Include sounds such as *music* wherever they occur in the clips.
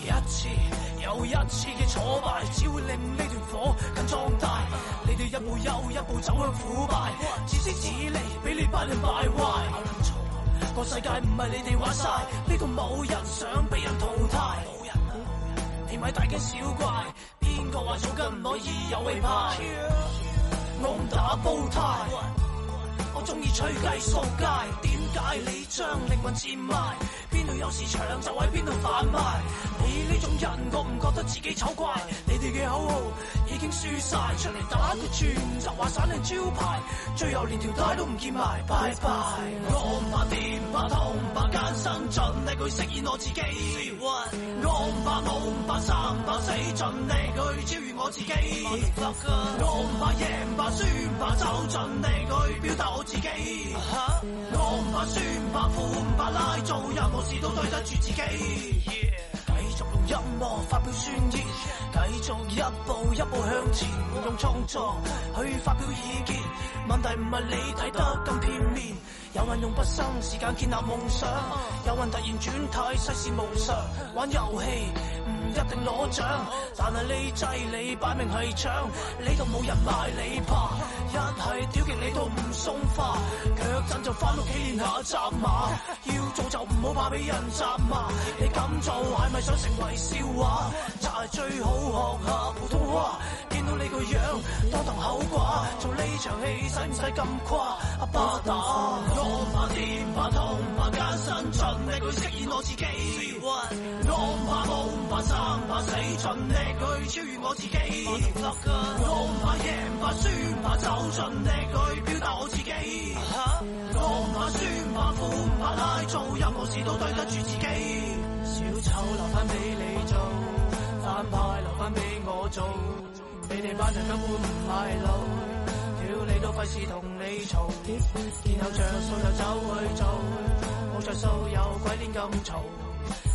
一次又一次嘅挫敗，只會令呢團火更壯大。你哋一步又一步走向腐敗，自私自利，俾你班人敗壞。個個世界唔係你哋玩晒，呢度冇人想俾人淘汰。冇人、啊，你咪大驚小怪。邊個話草根唔可以有氣派？One, two, 我唔打煲呔，One, two, 我中意吹雞掃街。點解你將靈魂賤賣？邊度有市場就喺邊度反派。以呢種人覺唔覺得自己醜怪？你哋嘅口號已經輸晒，出嚟打個轉就話散靚招牌，最後連條帶都唔見埋，拜拜，我唔怕掂，怕痛，唔怕艱辛，盡力去實現我自己。One。我唔怕老，唔怕傷，唔怕死，盡力去超越我自己。我唔怕贏，唔怕輸，唔怕走，盡力去表達我自己。啊、哈。我唔怕輸，怕苦，唔怕拉，做任何事都對得住自己。音樂發表宣言，繼續一步一步向前，用創作去發表意見。問題唔係你睇得咁片面。有人用不生，時間建立夢想。有人突然轉態，世事無常。玩遊戲唔一定攞獎，但係呢劑你擺明係搶，你度冇人買你怕。一係屌極你都唔送花，卻陣就翻屋企練下扎馬。要做就唔好怕俾人扎馬，你敢做係咪想成為笑話？扎係最好學下普通話，見到你個樣多同口掛。做呢場戲使唔使咁誇？阿巴打。我怕天怕痛，怕艱辛，盡力去飾演我自己。Two, three, one, two, 啊、människ XD 我怕苦，怕生怕死，盡力去超越我自己。Two, two, three, one, two, McK10 我怕贏，怕輸，怕走，盡力去表達我自己。我怕酸，怕、啊、苦，怕攰，做任何事都對得住自己。小丑留翻俾你做，反派留翻俾我做，你哋班人根本唔係老。都費事同你嘈，然後著數就走去做，冇著數有鬼癲咁嘈，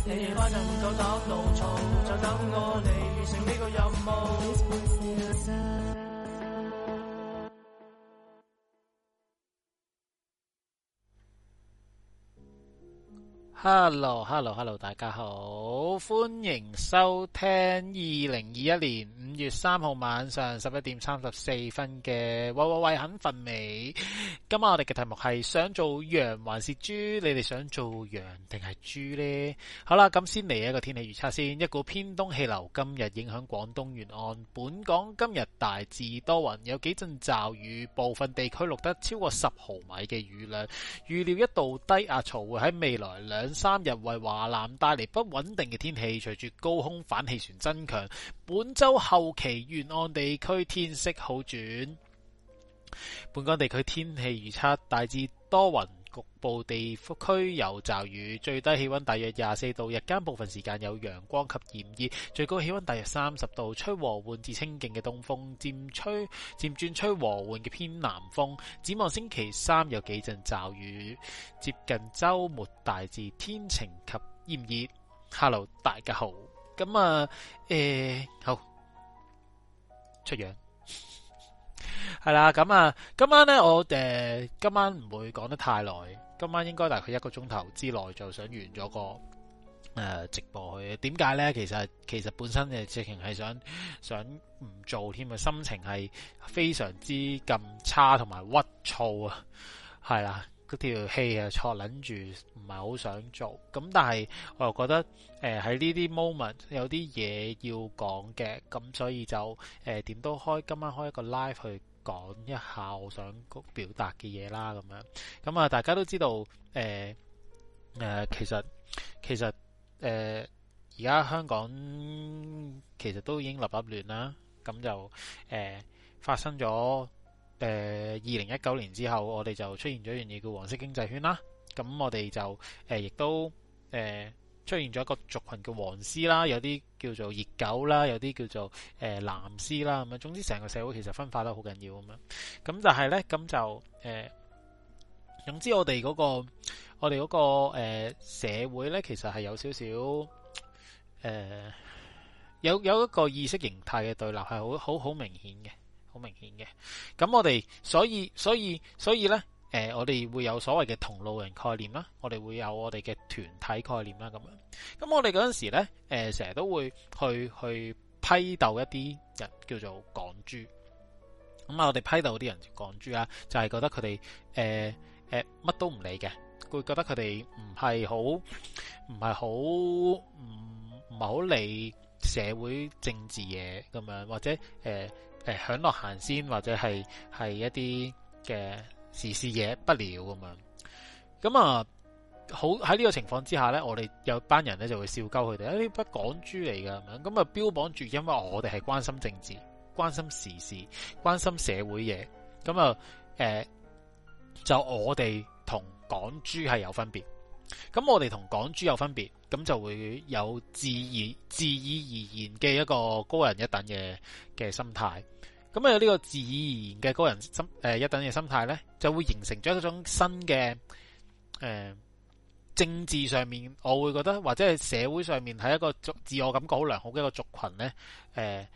你夜晚能夠打怒嘈，就等我嚟完成呢個任務。hello hello hello，大家好，歡迎收聽二零二一年五月三號晚上十一點三十四分嘅喂喂喂肯瞓未。今晚我哋嘅題目係想做羊還是豬，你哋想做羊定係豬呢？好啦，咁先嚟一個天氣預測先。一股偏東氣流今日影響廣東沿岸，本港今日大致多雲，有幾陣驟雨，部分地區錄得超過十毫米嘅雨量。預料一道低壓槽會喺未來兩三日為華南帶嚟不穩定嘅天氣，隨住高空反氣旋增強，本週後期沿岸地區天色好轉，本港地區天氣預測大致多雲。局部地區有驟雨，最低氣温大約廿四度，日間部分時間有陽光及炎熱，最高氣温大約三十度，吹和緩至清勁嘅東風，漸吹漸轉吹和緩嘅偏南風。展望星期三有幾陣驟雨，接近週末大致天晴及炎熱。Hello，大家好，咁啊，欸、好出樣。係啦，咁啊，今晚呢，我誒，今晚唔會講得太耐，今晚應該大概一個鐘頭之內就想完咗個誒直播去。點解呢？其實其實本身就直情係想想唔做添啊，心情係非常之咁差同埋鬱躁啊，係啦，嗰條氣啊坐撚住唔係好想做。咁但係我又覺得誒喺呢啲 moment 有啲嘢要講嘅，咁所以就誒點都開今晚開一個 live 去。講一下我想表達嘅嘢啦，咁樣咁啊，大家都知道，誒、呃、誒、呃，其實其實誒，而、呃、家香港其實都已經立立亂啦，咁就誒、呃、發生咗誒二零一九年之後，我哋就出現咗一樣嘢叫黃色經濟圈啦，咁我哋就誒亦、呃、都誒。呃出現咗一個族群嘅黃絲啦，有啲叫做熱狗啦，有啲叫做誒、呃、藍絲啦，咁啊，總之成個社會其實分化得好緊要咁樣。咁就係呢，咁就誒、呃，總之我哋嗰個我哋嗰個、呃、社會呢，其實係有少少誒有有一個意識形態嘅對立，係好好好明顯嘅，好明顯嘅。咁我哋所以所以所以呢。誒、呃，我哋會有所謂嘅同路人概念啦，我哋會有我哋嘅團體概念啦，咁樣。咁我哋嗰陣時咧，誒、呃，成日都會去去批鬥一啲人叫做港豬。咁啊，我哋批鬥啲人港豬啦，就係、是、覺得佢哋誒誒乜都唔理嘅，會覺得佢哋唔係好唔係好唔唔係好理社會政治嘢咁樣，或者誒誒享樂行先，或者係係一啲嘅。時事嘢不了咁樣，咁啊好喺呢個情況之下呢，我哋有班人呢就會笑鳩佢哋，呢、哎、筆港豬嚟㗎，咁啊標榜住，因為我哋係關心政治、關心時事、關心社會嘢，咁啊誒，就我哋同港豬係有分別，咁我哋同港豬有分別，咁就會有自然自然而然嘅一個高人一等嘅嘅心態。咁有呢個自然嘅高人心誒、呃、一等嘅心態咧，就會形成咗一種新嘅誒、呃、政治上面，我會覺得或者係社會上面係一個族自我感覺好良好嘅一個族群咧。誒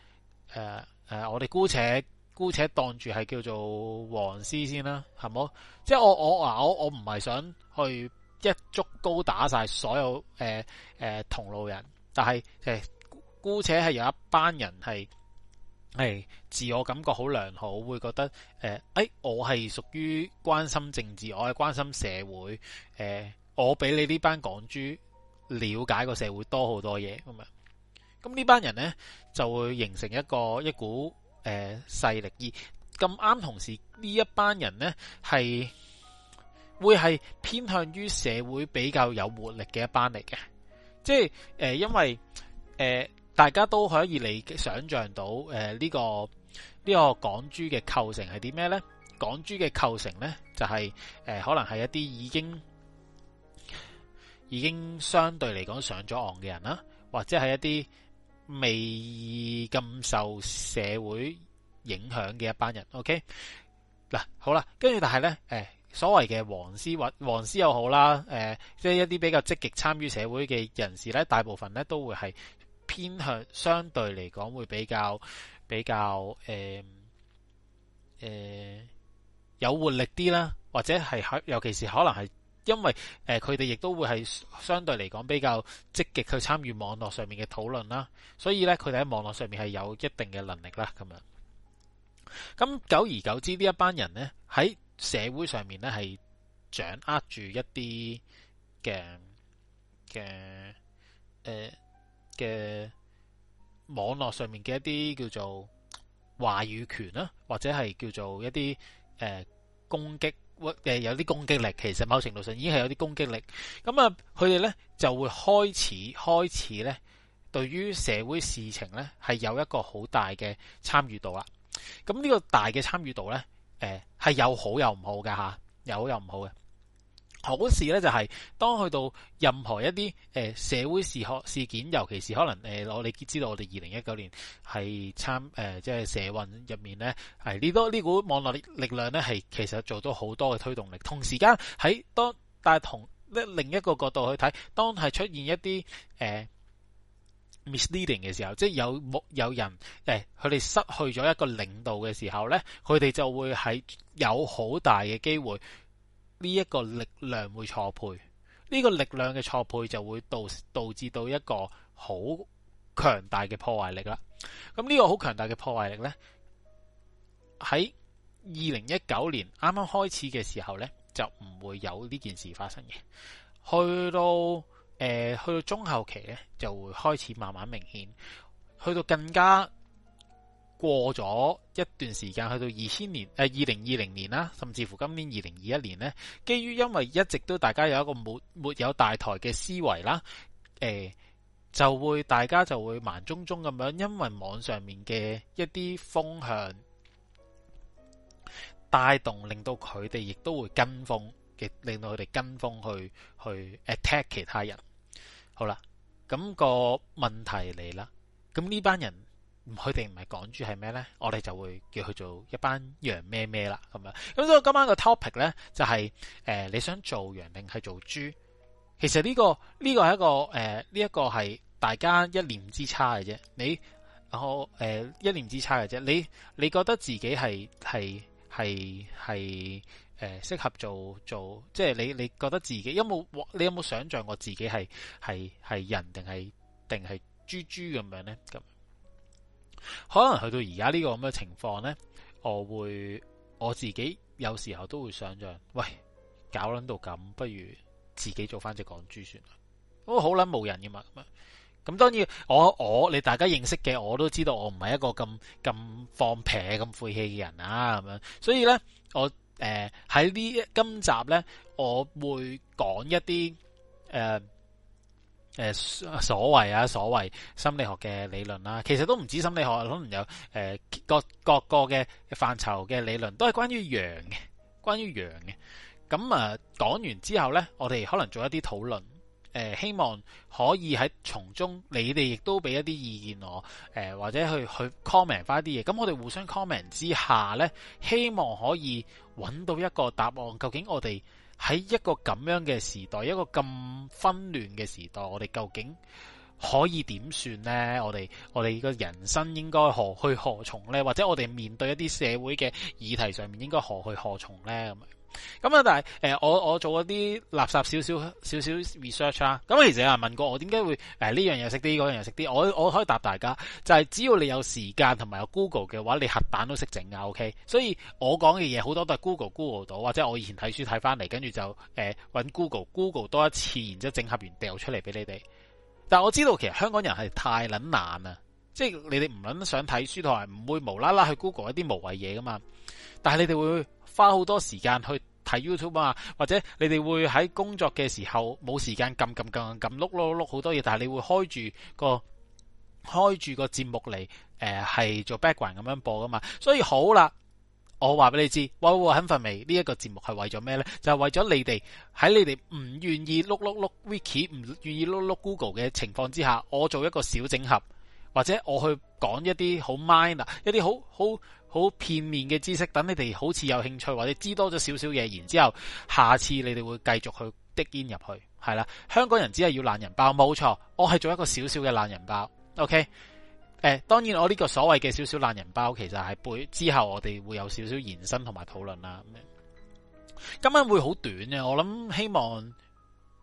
誒誒，我哋姑且姑且當住係叫做黃絲先啦、啊，係冇？即係我我我我唔係想去一竹篙打晒所有誒誒、呃呃、同路人，但係誒姑且係有一班人係。係自我感覺好良好，會覺得誒，誒、呃哎，我係屬於關心政治，我係關心社會，誒、呃，我比你呢班港豬了解個社會多好多嘢咁樣。咁呢班人呢，就會形成一個一股誒、呃、勢力，而咁啱同時呢一班人呢，係會係偏向於社會比較有活力嘅一班嚟嘅，即係、呃、因為誒。呃大家都可以嚟想象到，誒、呃、呢、這個呢、這個港豬嘅構成係點咩呢？港豬嘅構成呢，就係、是、誒、呃，可能係一啲已經已經相對嚟講上咗岸嘅人啦，或者係一啲未咁受社會影響嘅一班人。OK 嗱，好啦，跟住但係呢，誒、呃、所謂嘅黃絲或黃絲又好啦，誒即係一啲比較積極參與社會嘅人士呢，大部分呢都會係。偏向相對嚟講會比較比較誒誒、呃呃、有活力啲啦，或者係可，尤其是可能係因為誒佢哋亦都會係相對嚟講比較積極去參與網絡上面嘅討論啦，所以呢，佢哋喺網絡上面係有一定嘅能力啦咁樣。咁久而久之，呢一班人呢喺社會上面呢係掌握住一啲嘅嘅誒。嘅網絡上面嘅一啲叫做話語權啦、啊，或者係叫做一啲誒、呃、攻擊，誒、呃、有啲攻擊力，其實某程度上已經係有啲攻擊力。咁啊，佢哋呢就會開始開始呢，對於社會事情呢，係有一個好大嘅參與度啦。咁呢個大嘅參與度呢，誒係有好有唔好嘅吓，有、啊、好有唔好嘅。好事咧，就係、是、當去到任何一啲誒、呃、社會事學事件，尤其是可能誒我哋知道我哋二零一九年係參誒、呃、即係社運入面咧，係呢多呢股網絡力力量咧，係其實做到好多嘅推動力。同時間喺當但係同另一個角度去睇，當係出現一啲誒、呃、misleading 嘅時候，即係有有人誒佢哋失去咗一個領導嘅時候咧，佢哋就會係有好大嘅機會。呢、一個力量會錯配，呢、個力量嘅錯配就會導導致到一個好強大嘅破壞力啦。咁呢個好強大嘅破壞力呢，喺二零一九年啱啱開始嘅時候呢，就唔會有呢件事發生嘅。去到誒，去到中後期呢，就會開始慢慢明顯，去到更加。過咗一段時間，去到二千年誒，二零二零年啦，甚至乎今年二零二一年咧，基於因為一直都大家有一個沒有沒有大台嘅思維啦，誒、呃、就會大家就會盲舂舂咁樣，因為網上面嘅一啲風向帶動，令到佢哋亦都會跟風嘅，令到佢哋跟風去去 attack 其他人。好啦，咁、那個問題嚟啦，咁呢班人。佢哋唔係講豬係咩咧？我哋就會叫佢做一班羊咩咩啦咁樣。咁所以今晚個 topic 咧就係、是、誒、呃、你想做羊定係做豬？其實呢、這個呢、這個係一個誒呢一個係大家一念之差嘅啫。你我誒、哦呃、一念之差嘅啫。你你覺得自己係係係係誒適合做做？即係你你覺得自己有冇你有冇想象過自己係係係人定係定係豬豬咁樣咧？咁。可能去到而家呢個咁嘅情況呢，我會我自己有時候都會想象，喂，搞捻到咁，不如自己做翻隻港豬算啦，好捻冇人嘅嘛。咁當然我我你大家認識嘅，我都知道我唔係一個咁咁放屁、咁晦氣嘅人啊，咁樣。所以呢，我誒喺呢今集呢，我會講一啲誒。呃誒、呃，所謂啊，所謂心理學嘅理論啦、啊，其實都唔止心理學，可能有誒、呃、各、各各個嘅範疇嘅理論，都係關於羊嘅，關於羊嘅。咁啊，講完之後呢，我哋可能做一啲討論，誒、呃，希望可以喺從中，你哋亦都俾一啲意見我，誒、呃，或者去去 comment 翻啲嘢。咁我哋互相 comment 之下呢，希望可以揾到一個答案，究竟我哋。喺一個咁樣嘅時代，一個咁紛亂嘅時代，我哋究竟可以點算呢？我哋我哋個人生應該何去何從呢？或者我哋面對一啲社會嘅議題上面應該何去何從呢？咁。咁、嗯、啊，但係誒、呃，我我做嗰啲垃圾少少少少 research 啦、啊。咁我其實人問過我點解會誒呢、欸、樣嘢識啲，嗰樣嘢識啲。我我可以答大家，就係、是、只要你有時間同埋有 Google 嘅話，你核彈都識整啊。OK，所以我講嘅嘢好多都係 Google Google 到，或者我以前睇書睇翻嚟，跟住就誒搵、欸、Google Google 多一次，然之後整合完掉出嚟俾你哋。但我知道其實香港人係太捻懶呀，即、就、係、是、你哋唔捻想睇書同埋唔會無啦啦去 Google 一啲無謂嘢噶嘛。但係你哋會。花好多時間去睇 YouTube 啊，或者你哋會喺工作嘅時候冇時間撳撳撳撳撳，碌碌碌好多嘢，按 stabbed，按 specific，但係你會、那個、開住個開住個節目嚟，誒係做 background 咁樣的播噶嘛，所以好啦，我話俾你知，喂喂喂肯瞓未呢一個節目係為咗咩呢？就係為咗你哋喺你哋唔願意碌碌碌 Wiki，唔願意碌碌 Google 嘅情況之下，我做一個小整合。或者我去講一啲好 minor 一啲好好好片面嘅知識，等你哋好似有興趣或者知多咗少少嘢，然之後下次你哋會繼續去滴煙入去，係啦。香港人只係要懶人包，冇錯，我係做一個少少嘅懶人包。OK，誒、呃，當然我呢個所謂嘅少少懶人包，其實係背之後我哋會有少少延伸同埋討論啦。咁樣今晚會好短嘅，我諗希望。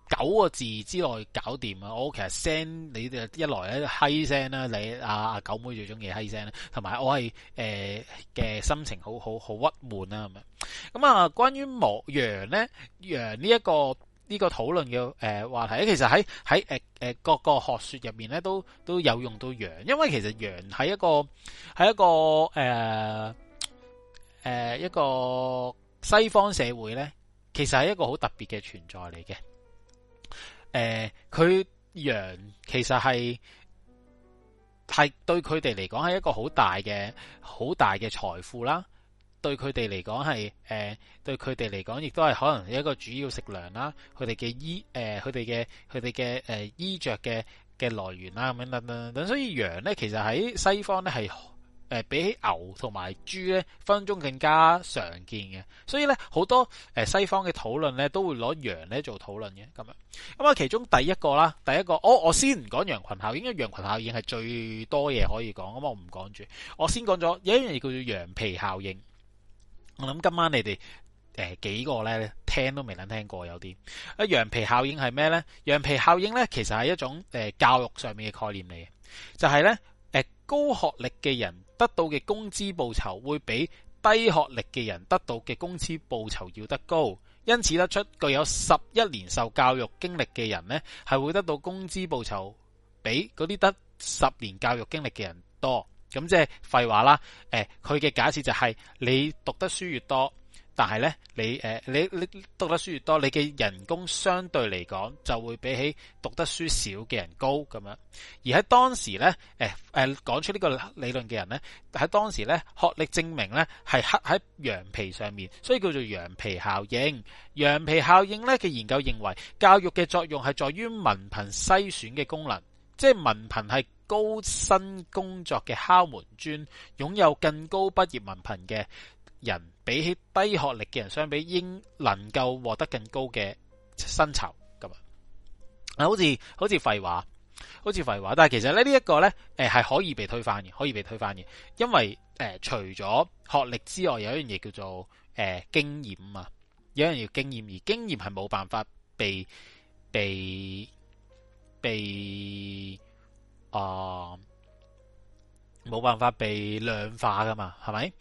九個字之內搞掂啊！我其實 send 你哋一來咧嗨聲啦，你阿阿、啊、九妹最中意嗨聲啦，同埋我係誒嘅心情好好好鬱悶啦咁樣。咁啊，關於莫羊咧羊呢一、呢個呢、呢個討論嘅誒話題咧，其實喺喺誒誒各個學說入面咧都都有用到羊，因為其實羊係一個係一個誒誒、呃呃、一個西方社會咧，其實係一個好特別嘅存在嚟嘅。誒、呃，佢羊其實係係對佢哋嚟講係一個好大嘅好大嘅財富啦，對佢哋嚟講係誒，對佢哋嚟講亦都係可能有一個主要食糧啦，佢哋嘅衣誒，佢哋嘅佢哋嘅誒衣着嘅嘅來源啦咁樣等，等等等，所以羊咧其實喺西方咧係。是誒、呃，比起牛同埋豬咧，分分鐘更加常見嘅，所以咧好多誒、呃、西方嘅討論咧，都會攞羊咧做討論嘅，咁樣。咁、嗯、啊，其中第一個啦，第一個，我、哦、我先唔講羊群效應，因為羊群效應係最多嘢可以講，咁我唔講住，我先講咗有一樣嘢叫做羊皮效應。我諗今晚你哋誒、呃、幾個咧聽都未能聽過有啲，啊羊皮效應係咩咧？羊皮效應咧其實係一種誒、呃、教育上面嘅概念嚟嘅，就係咧誒高學歷嘅人。得到嘅工資報酬會比低學歷嘅人得到嘅工資報酬要得高，因此得出具有十一年受教育經歷嘅人呢，係會得到工資報酬比嗰啲得十年教育經歷嘅人多。咁即係廢話啦。佢嘅假設就係你讀得書越多。但係呢，你誒你你讀得書越多，你嘅人工相對嚟講就會比起讀得書少嘅人高咁樣。而喺當時呢，誒誒講出呢個理論嘅人呢，喺當時呢，學歷證明呢係刻喺羊皮上面，所以叫做羊皮效應。羊皮效應呢，嘅研究認為，教育嘅作用係在於文憑篩選嘅功能，即係文憑係高薪工作嘅敲門磚，擁有更高畢業文憑嘅。人比起低學歷嘅人相比，應能夠獲得更高嘅薪酬咁啊！啊，好似好似廢話，好似廢話，但係其實咧呢一、這個咧，誒、呃、係可以被推翻嘅，可以被推翻嘅，因為誒、呃、除咗學歷之外，有一樣嘢叫做誒、呃、經驗啊，有一樣嘢叫經驗，而經驗係冇辦法被被被啊冇、呃、辦法被量化噶嘛，係咪？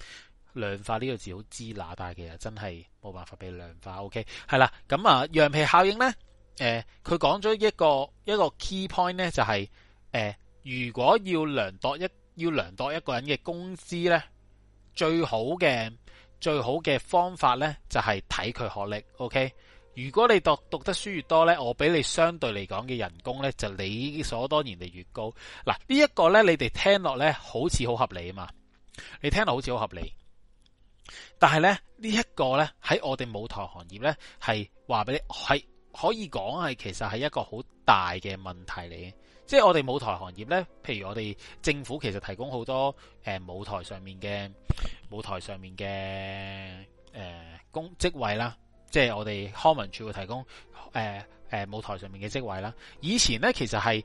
量化呢個字好支拿，但係其實真係冇辦法俾量化。O K 係啦，咁啊，羊皮效應呢？誒佢講咗一個一個 key point 呢，就係、是、誒、呃、如果要量度一要量度一個人嘅工資呢，最好嘅最好嘅方法呢，就係睇佢學歷。O、OK? K，如果你讀,讀得書越多呢，我俾你相對嚟講嘅人工呢，就理所當然地越高嗱。呢一、這個呢，你哋聽落呢，好似好合理啊嘛，你聽落好似好合理。但係咧，這個、呢一個咧，喺我哋舞台行業咧，係話俾你係可以講係其實係一個好大嘅問題嚟嘅。即係我哋舞台行業咧，譬如我哋政府其實提供好多誒、呃、舞台上面嘅舞台上面嘅誒、呃、工職位啦，即係我哋康文署會提供誒誒、呃呃、舞台上面嘅職位啦。以前咧，其實係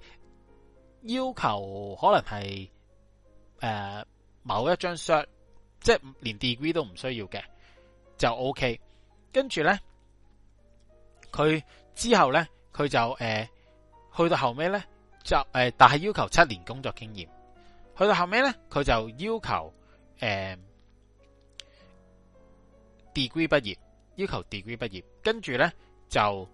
要求可能係誒、呃、某一張 cert 即係連 degree 都唔需要嘅就 OK，跟住咧佢之後咧佢就誒、呃、去到後尾咧就誒、呃、但係要求七年工作經驗，去到後尾咧佢就要求誒、呃、degree 畢業，要求 degree 畢業，跟住咧就誒、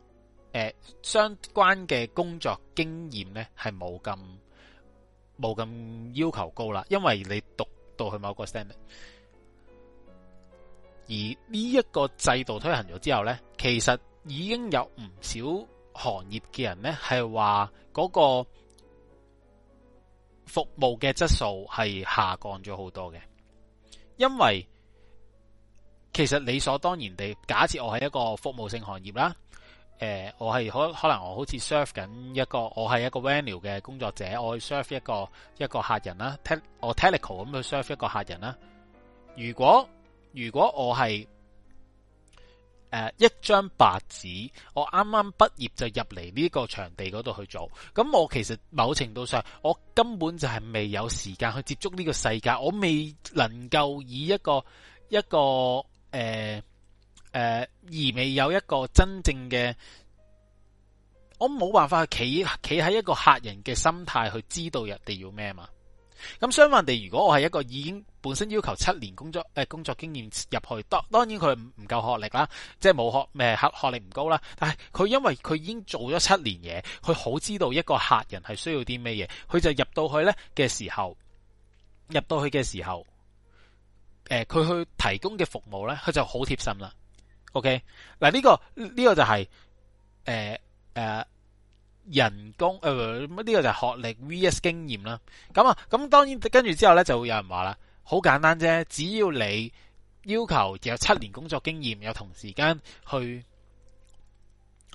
呃、相關嘅工作經驗咧係冇咁冇咁要求高啦，因為你讀到去某個 standard。而呢一個制度推行咗之後呢，其實已經有唔少行業嘅人呢，係話嗰個服務嘅質素係下降咗好多嘅，因為其實理所當然地，假設我係一個服務性行業啦、呃，我係可可能我好似 serve 緊一個，我係一個 venue 嘅工作者，我去 serve 一個一個客人啦 tell 我 technical 咁去 serve 一個客人啦，如果如果我係誒、呃、一張白紙，我啱啱畢業就入嚟呢個場地嗰度去做，咁我其實某程度上，我根本就係未有時間去接觸呢個世界，我未能夠以一個一個誒誒、呃呃、而未有一個真正嘅，我冇辦法去企企喺一個客人嘅心態去知道人哋要咩嘛。咁相反地，如果我係一個已經，本身要求七年工作誒、呃、工作經驗入去，當當然佢唔夠學歷啦，即係冇學誒學學歷唔高啦。但係佢因為佢已經做咗七年嘢，佢好知道一個客人係需要啲咩嘢，佢就入到去咧嘅時候，入到去嘅時候，誒、呃，佢去提供嘅服務咧，佢就好貼心啦。OK 嗱，呢個呢個就係誒誒人工誒呢個呃就係學歷 VS 經驗啦。咁啊，咁當然跟住之後咧，就會有人話啦。好簡單啫，只要你要求有七年工作經驗，有同時間去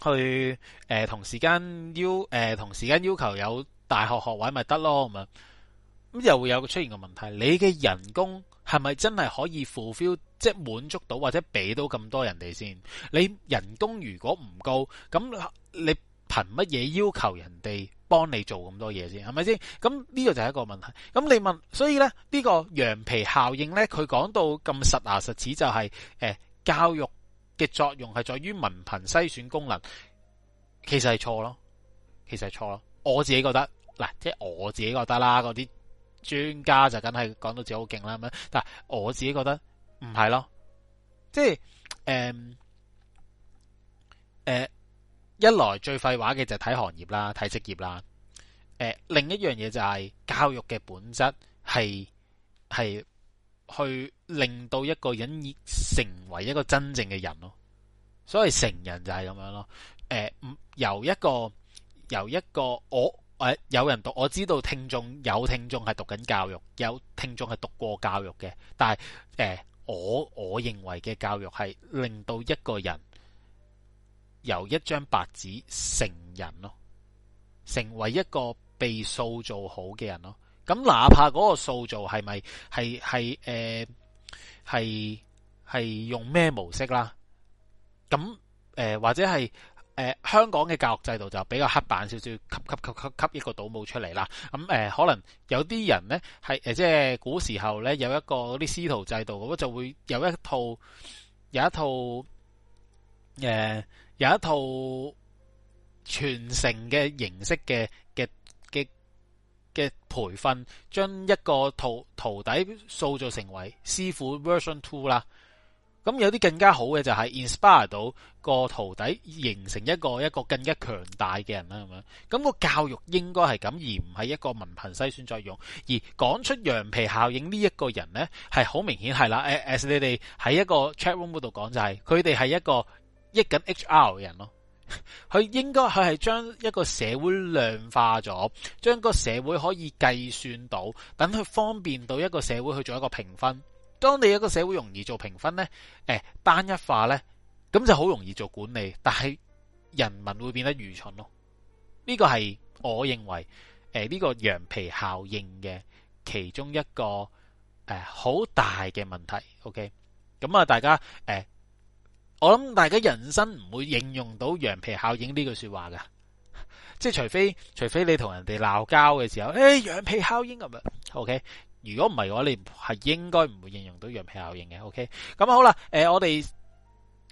去誒、呃，同時間要誒、呃，同時間要求有大學學位咪得咯。咁咁又會有個出現個問題，你嘅人工係咪真係可以 fulfill，即係滿足到或者俾到咁多人哋先？你人工如果唔高，咁你憑乜嘢要求人哋？幫你做咁多嘢先，係咪先？咁呢個就係一個問題。咁你問，所以呢呢、呢個羊皮效應呢，佢講到咁實牙實齒、就是，就係誒教育嘅作用係在於文憑篩選功能，其實係錯咯，其實係錯咯。我自己覺得，嗱，即、就、係、是、我自己覺得啦，嗰啲專家就梗係講到自己好勁啦咁樣，係咪？但係我自己覺得唔係咯，即係誒誒。嗯嗯一來最廢話嘅就睇行業啦，睇職業啦，呃。另一樣嘢就係教育嘅本質係係去令到一個人成為一個真正嘅人咯。所謂成人就係咁樣咯。誒、呃，由一個由一個我誒、哎，有人讀我知道聽眾有聽眾係讀緊教育，有聽眾係讀過教育嘅，但係誒、呃、我我認為嘅教育係令到一個人。由一張白紙成人咯，成為一個被塑造好嘅人咯。咁哪怕嗰個塑造係咪係係誒係係用咩模式啦？咁誒、呃、或者係誒、呃、香港嘅教育制度就比較黑板少少，吸吸吸吸吸一個倒模出嚟啦。咁誒、呃、可能有啲人咧係誒即係古時候咧有一個啲師徒制度，咁就會有一套有一套誒。呃有一套傳承嘅形式嘅嘅嘅嘅培訓，將一個徒徒弟塑造成為師傅 version two 啦。咁有啲更加好嘅就係 inspire 到個徒弟形成一個一個更加強大嘅人啦咁樣。咁個教育應該係咁，而唔係一個文憑篩選作用。而講出羊皮效應呢 you know, room, 一個人咧，係好明顯係啦。誒，as 你哋喺一個 chat room 嗰度講就係，佢哋係一個。益緊 HR 嘅人咯，佢應該佢係將一個社會量化咗，將個社會可以計算到，等佢方便到一個社會去做一個評分。當你一個社會容易做評分呢，誒、呃、單一化呢，咁就好容易做管理，但係人民會變得愚蠢咯。呢、這個係我認為誒呢、呃這個羊皮效應嘅其中一個誒好、呃、大嘅問題。OK，咁啊大家誒。呃我諗大家人生唔會應用到羊皮效應呢句說話嘅，即係除非除非你同人哋鬧交嘅時候，誒，羊皮效應咁樣。OK，如果唔係嘅話，你係應該唔會應用到羊皮效應嘅。OK，咁啊好啦，誒，我哋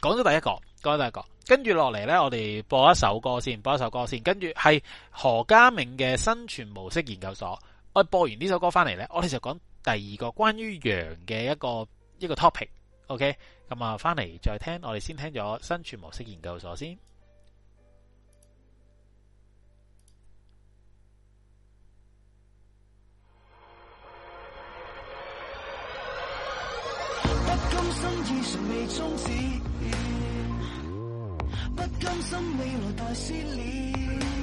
講咗第一個，講咗第一個，跟住落嚟咧，我哋播一首歌先，播一首歌先，跟住係何家明嘅《生存模式研究所》。我播完呢首歌翻嚟咧，我哋就講第二個關於羊嘅一個一個 topic。OK。咁啊，翻嚟再聽，我哋先聽咗新存模式研究所先。不甘心，意尚未終止；不甘心，未來大心裏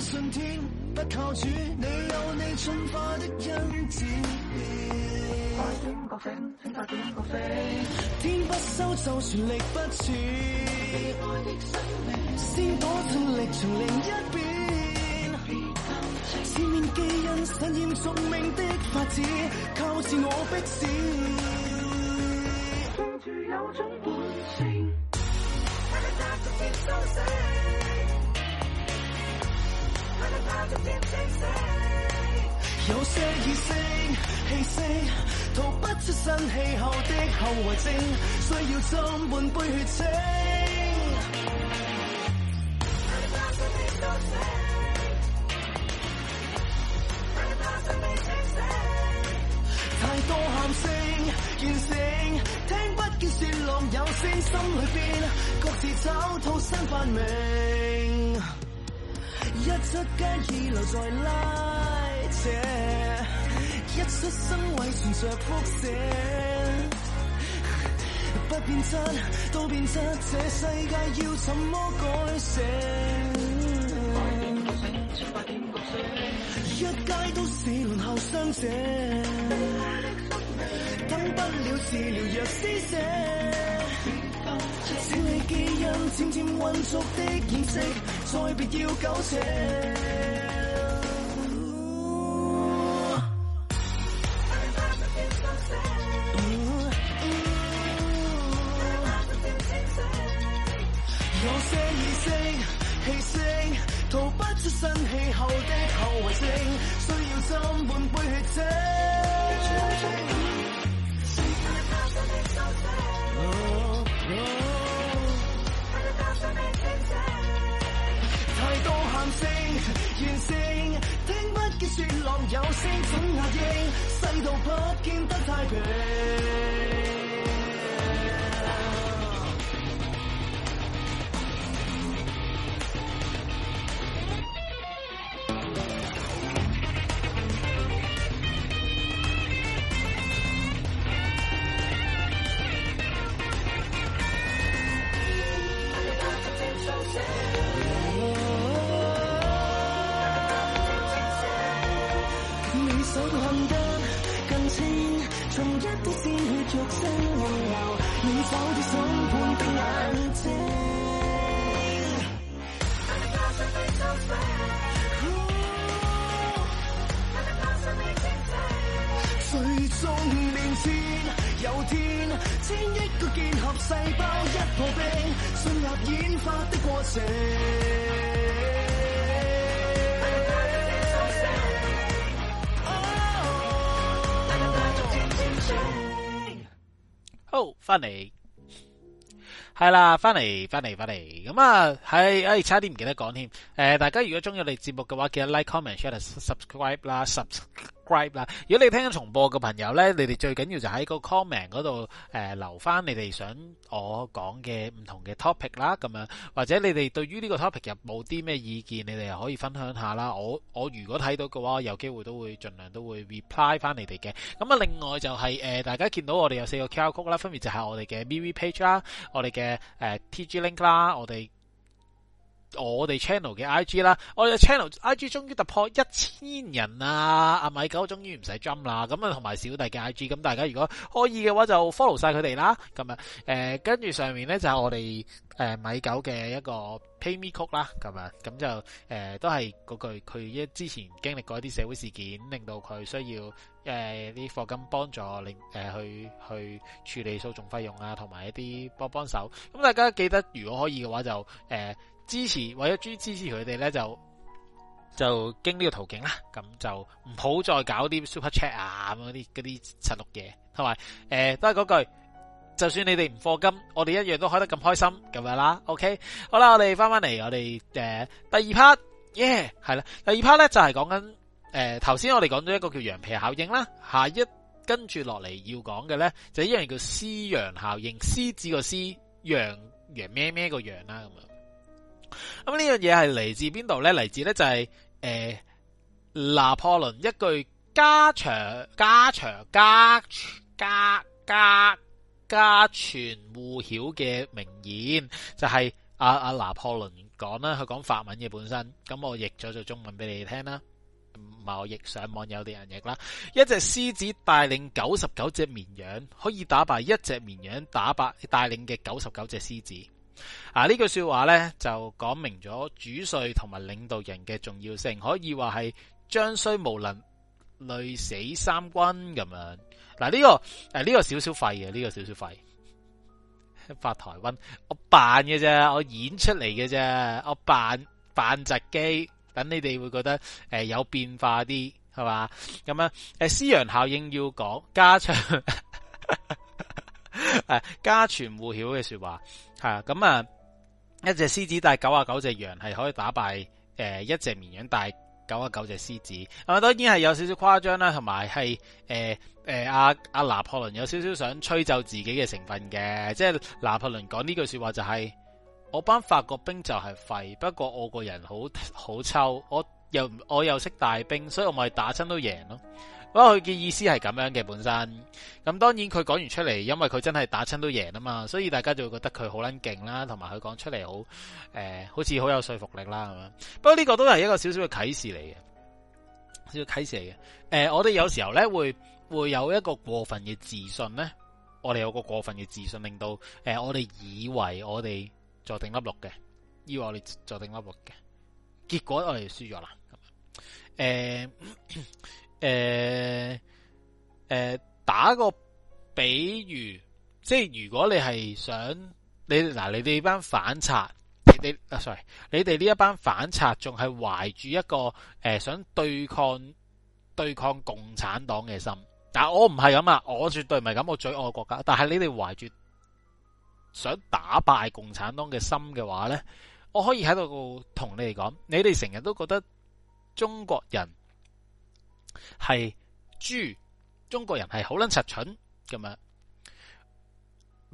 不信天，不靠主，你有你進化因子。快點覺醒，快點覺醒！天不收就全力不存，先躲進力場另一邊。負面基因實驗宿命的法子，靠自我逼使。跟住有種本性，性有些異性氣息，逃不出新氣候的後遺症，需要斟半杯血清。太多喊聲，怨聲，聽不見説話有聲，心裏邊各自找套新發明。一出街二留在拉扯，一出生為存着輻射，不變質都變質，這世界要怎麼改寫？一街都是輪候傷者，等不了治療藥施者。漸漸渾濁的意識，再別要糾纏。有聲總壓抑，世道不見得太平。係啦，翻嚟翻嚟翻嚟，咁啊係，哎，差啲唔記得講添。誒，大家如果中意我哋節目嘅話，記得 like、comment、share 同 subscribe 啦，sub，啦，如果你聽緊重播嘅朋友呢，你哋最緊要就喺個 comment 嗰度，誒留翻你哋想我講嘅唔同嘅 topic 啦，咁樣或者你哋對於呢個 topic 有冇啲咩意見，你哋又可以分享下啦。我我如果睇到嘅話，有機會都會盡量都會 reply 翻你哋嘅。咁啊，另外就係、是、誒、呃，大家見到我哋有四個 QR code 啦，分別就係我哋嘅 MV page 啦，我哋嘅誒 TG link 啦，我哋。我哋 channel 嘅 I G 啦我道，我哋 channel I G 終於突破一千人啦、啊。阿米狗終於唔使 jump 啦，咁啊同埋小弟嘅 I G，咁大家如果可以嘅話就 follow 晒佢哋啦。咁啊誒，跟住上面咧就係我哋誒、嗯、米狗嘅一個 pay me 曲啦。咁啊咁就誒都係嗰句，佢一之前經歷過一啲社會事件，令到佢需要誒啲霍金幫助，令誒去去處理訴訟費用啊，同埋一啲幫幫手。咁大家記得如果可以嘅話就誒。支持為咗專支持佢哋咧，就就經呢個途徑啦。咁就唔好再搞啲 Super Chat 啊，咁嗰啲嗰啲七六嘢，同埋誒都係嗰句。就算你哋唔課金，我哋一樣都開得咁開心咁樣啦。OK，好啦，我哋翻翻嚟，我哋誒、呃、第二 part，耶係啦。第二 part 咧就係講緊誒頭先我哋講咗一個叫羊皮效應啦。下一跟住落嚟要講嘅咧就一樣叫獅羊效應，獅子個獅，羊羊咩咩個羊啦，咁樣。咁呢樣嘢係嚟自邊度呢？嚟自呢就係、是、誒、呃，拿破崙一句家長家長家家家家傳戶曉嘅名言，就係阿阿拿破崙講啦。佢講法文嘅本身，咁我譯咗做中文俾你聽啦。唔係，我譯，上網有啲人譯啦。一隻獅子帶領九十九隻綿羊，可以打敗一隻綿羊打敗帶領嘅九十九隻獅子。嗱、啊、呢句說話呢，就講明咗主帥同埋領導人嘅重要性，可以話係將衰無能累死三軍咁樣。嗱、啊、呢、這個誒呢、呃，這個少少廢嘅呢、這個少少廢發台灣，我扮嘅啫，我演出嚟嘅啫，我扮扮雜機，等你哋會覺得誒、呃、有變化啲係嘛？咁樣，誒，山羊效應要講加長。 *laughs* *laughs* 家傳戶曉嘅說話，吓咁啊，一隻獅子帶九十九隻羊係可以打敗誒、呃，一隻綿羊帶九十九隻獅子、呃點點呃呃。啊，當然係有少少誇張啦，同埋係誒誒，阿阿拿破崙有少少想吹走自己嘅成分嘅，即、就、係、是、拿破崙講呢句說話就係、是，我班法國兵就係廢，不過我個人好好抽，我又我又識帶兵，所以我咪打親都贏咯。不過佢嘅意思係咁樣嘅本身，咁當然佢講完出嚟，因為佢真係打親都贏啊嘛，所以大家就會覺得佢好撚勁啦，同埋佢講出嚟好誒，好似好有說服力啦咁樣。不過呢個都係一個小小嘅啟示嚟嘅，小啟示嚟嘅。誒、呃，我哋有時候呢會會有一個過分嘅自信呢，我哋有個過分嘅自信，令到誒、呃、我哋以為我哋坐定粒六嘅，以為我哋坐定粒六嘅，結果我哋輸咗啦。誒。呃 *coughs* 誒、呃、誒、呃，打個比喻，即係如果你係想你嗱，你哋班反賊，你，你，你啊，sorry，你哋呢一班反賊仲係懷住一個誒、呃，想對抗對抗共產黨嘅心，但係我唔係咁啊，我絕對唔係咁，我最愛國家。但係你哋懷住想打敗共產黨嘅心嘅話咧，我可以喺度同你哋講，你哋成日都覺得中國人，係豬，中國人係好撚實蠢咁樣，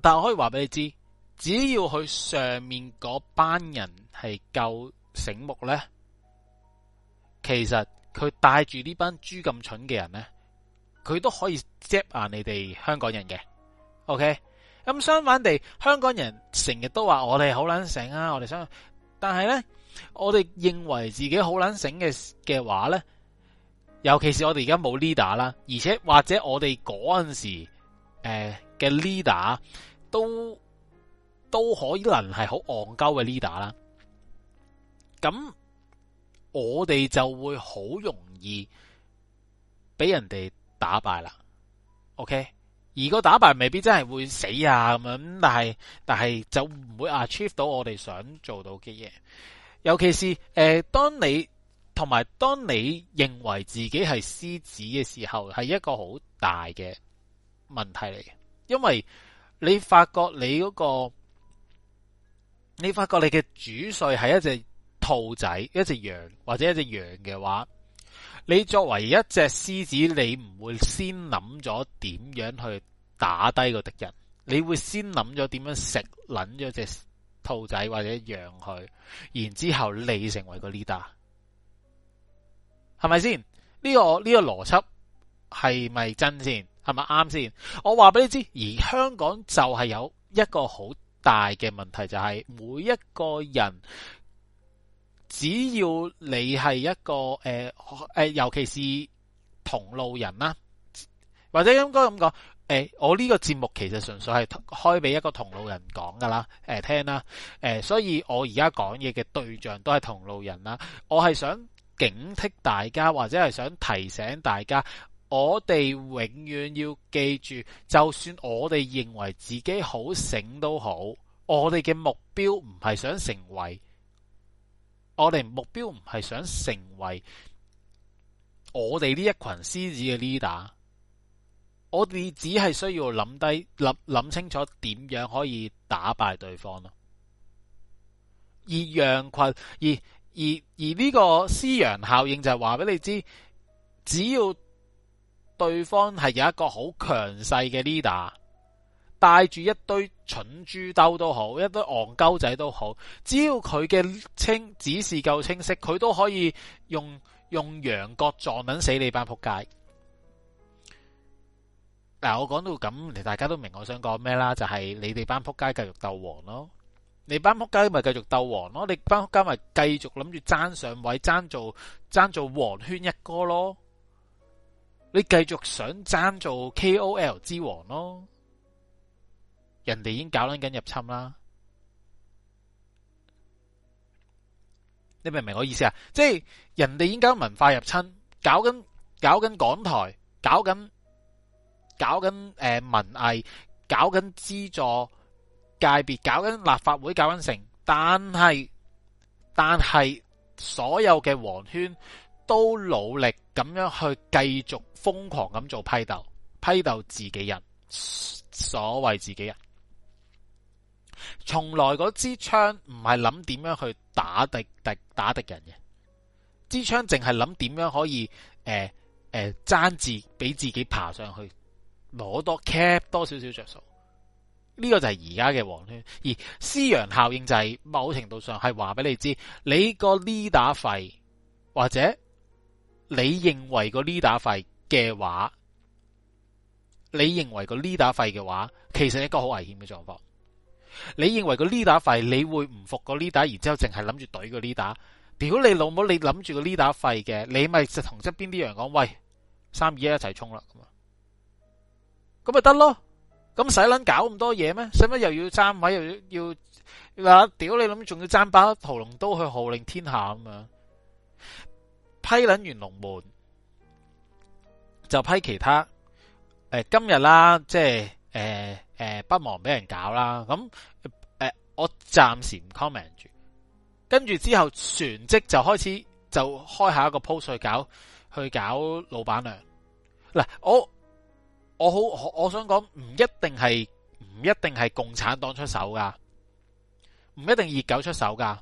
但係我可以話俾你知，只要佢上面嗰班人係夠醒目咧，其實佢帶住呢班豬咁蠢嘅人咧，佢都可以接啊你哋香港人嘅，OK？咁相反地，香港人成日都話我哋好撚醒啊，我哋想，但係咧，我哋認為自己好撚醒嘅嘅話咧。尤其是我哋而家冇 leader 啦，而且或者我哋嗰陣時誒嘅 leader 都都可能係好戇鳩嘅 leader 啦。咁我哋就會好容易俾人哋打敗啦。OK，而個打敗未必真係會死啊咁樣，但係但係就唔會 achieve 到我哋想做到嘅嘢。尤其是誒、呃，當你。同埋，當你認為自己係獅子嘅時候，係一個好大嘅問題嚟嘅。因為你發覺你嗰個，你發覺你嘅主帥係一隻兔仔、一隻羊或者一隻羊嘅話，你作為一隻獅子，你唔會先諗咗點樣去打低個敵人，你會先諗咗點樣食捻咗隻兔仔或者羊佢，然之後你成為個 leader。係咪先？呢、這個呢、這個邏輯係咪真先？係咪啱先？我話俾你知，而香港就係有一個好大嘅問題，就係、是、每一個人，只要你係一個誒誒、呃，尤其是同路人啦，或者應該咁講，誒、呃，我呢個節目其實純粹係開俾一個同路人講㗎喇，誒、呃、聽啦，誒、呃，所以我而家講嘢嘅對象都係同路人啦，我係想。警惕大家，或者係想提醒大家，我哋永遠要記住，就算我哋認為自己好醒都好，我哋嘅目標唔係想成為，我哋目標唔係想成為我哋呢一群獅子嘅 leader，我哋只係需要諗低諗諗清楚點樣可以打敗對方咯，而羊群而。而而呢個私羊效應就係話俾你知，只要對方係有一個好強勢嘅 leader，帶住一堆蠢豬兜都好，一堆憨鳩仔都好，只要佢嘅清指示夠清晰，佢都可以用用羊角撞撚死你班撲街。嗱，我講到咁，大家都明我想講咩啦，就係你哋班撲街繼續鬥王咯。你班屋加咪繼續鬥王咯？你班屋家咪繼續諗住爭上位，爭做爭做黃圈一哥咯？你繼續想爭做 KOL 之王咯？人哋已經搞緊入侵啦，你明唔明我意思啊？即係人哋已經搞文化入侵，搞緊搞緊港台，搞緊搞緊誒文藝，搞緊資助。界別搞緊立法會，搞緊成，但係但係所有嘅黃圈都努力咁樣去繼續瘋狂咁做批鬥，批鬥自己人，所謂自己人，從來嗰支槍唔係諗點樣去打敵敵打敵人嘅，支槍淨係諗點樣可以誒誒、呃呃、爭自俾自己爬上去，攞多 cap 多少少着數。呢個就係而家嘅黃圈，而私洋效應就係某程度上係話俾你知，你個 leader 廢，或者你認為個 leader 廢嘅話，你認為個 leader 廢嘅話，其實係一個好危險嘅狀況。你認為個 leader 廢，你會唔服個 leader，而之後淨係諗住屌個 leader。如果你老母你諗住個 leader 廢嘅，你咪就同側邊啲人講：喂，三二一，一齊衝啦！咁啊，咁咪得咯。咁使捻搞咁多嘢咩？使乜又要爭位又，又要要話、啊、屌你諗仲要爭把屠龍刀去號令天下咁樣批捻完龍門就批其他誒、呃、今日啦，即係誒誒不忙俾人搞啦。咁誒、呃、我暫時唔 comment 住，跟住之後船即就開始就開下一個 post 去搞去搞老闆娘嗱我。我好，我想講唔一定係，唔一定係共產黨出手噶，唔一定熱狗出手噶，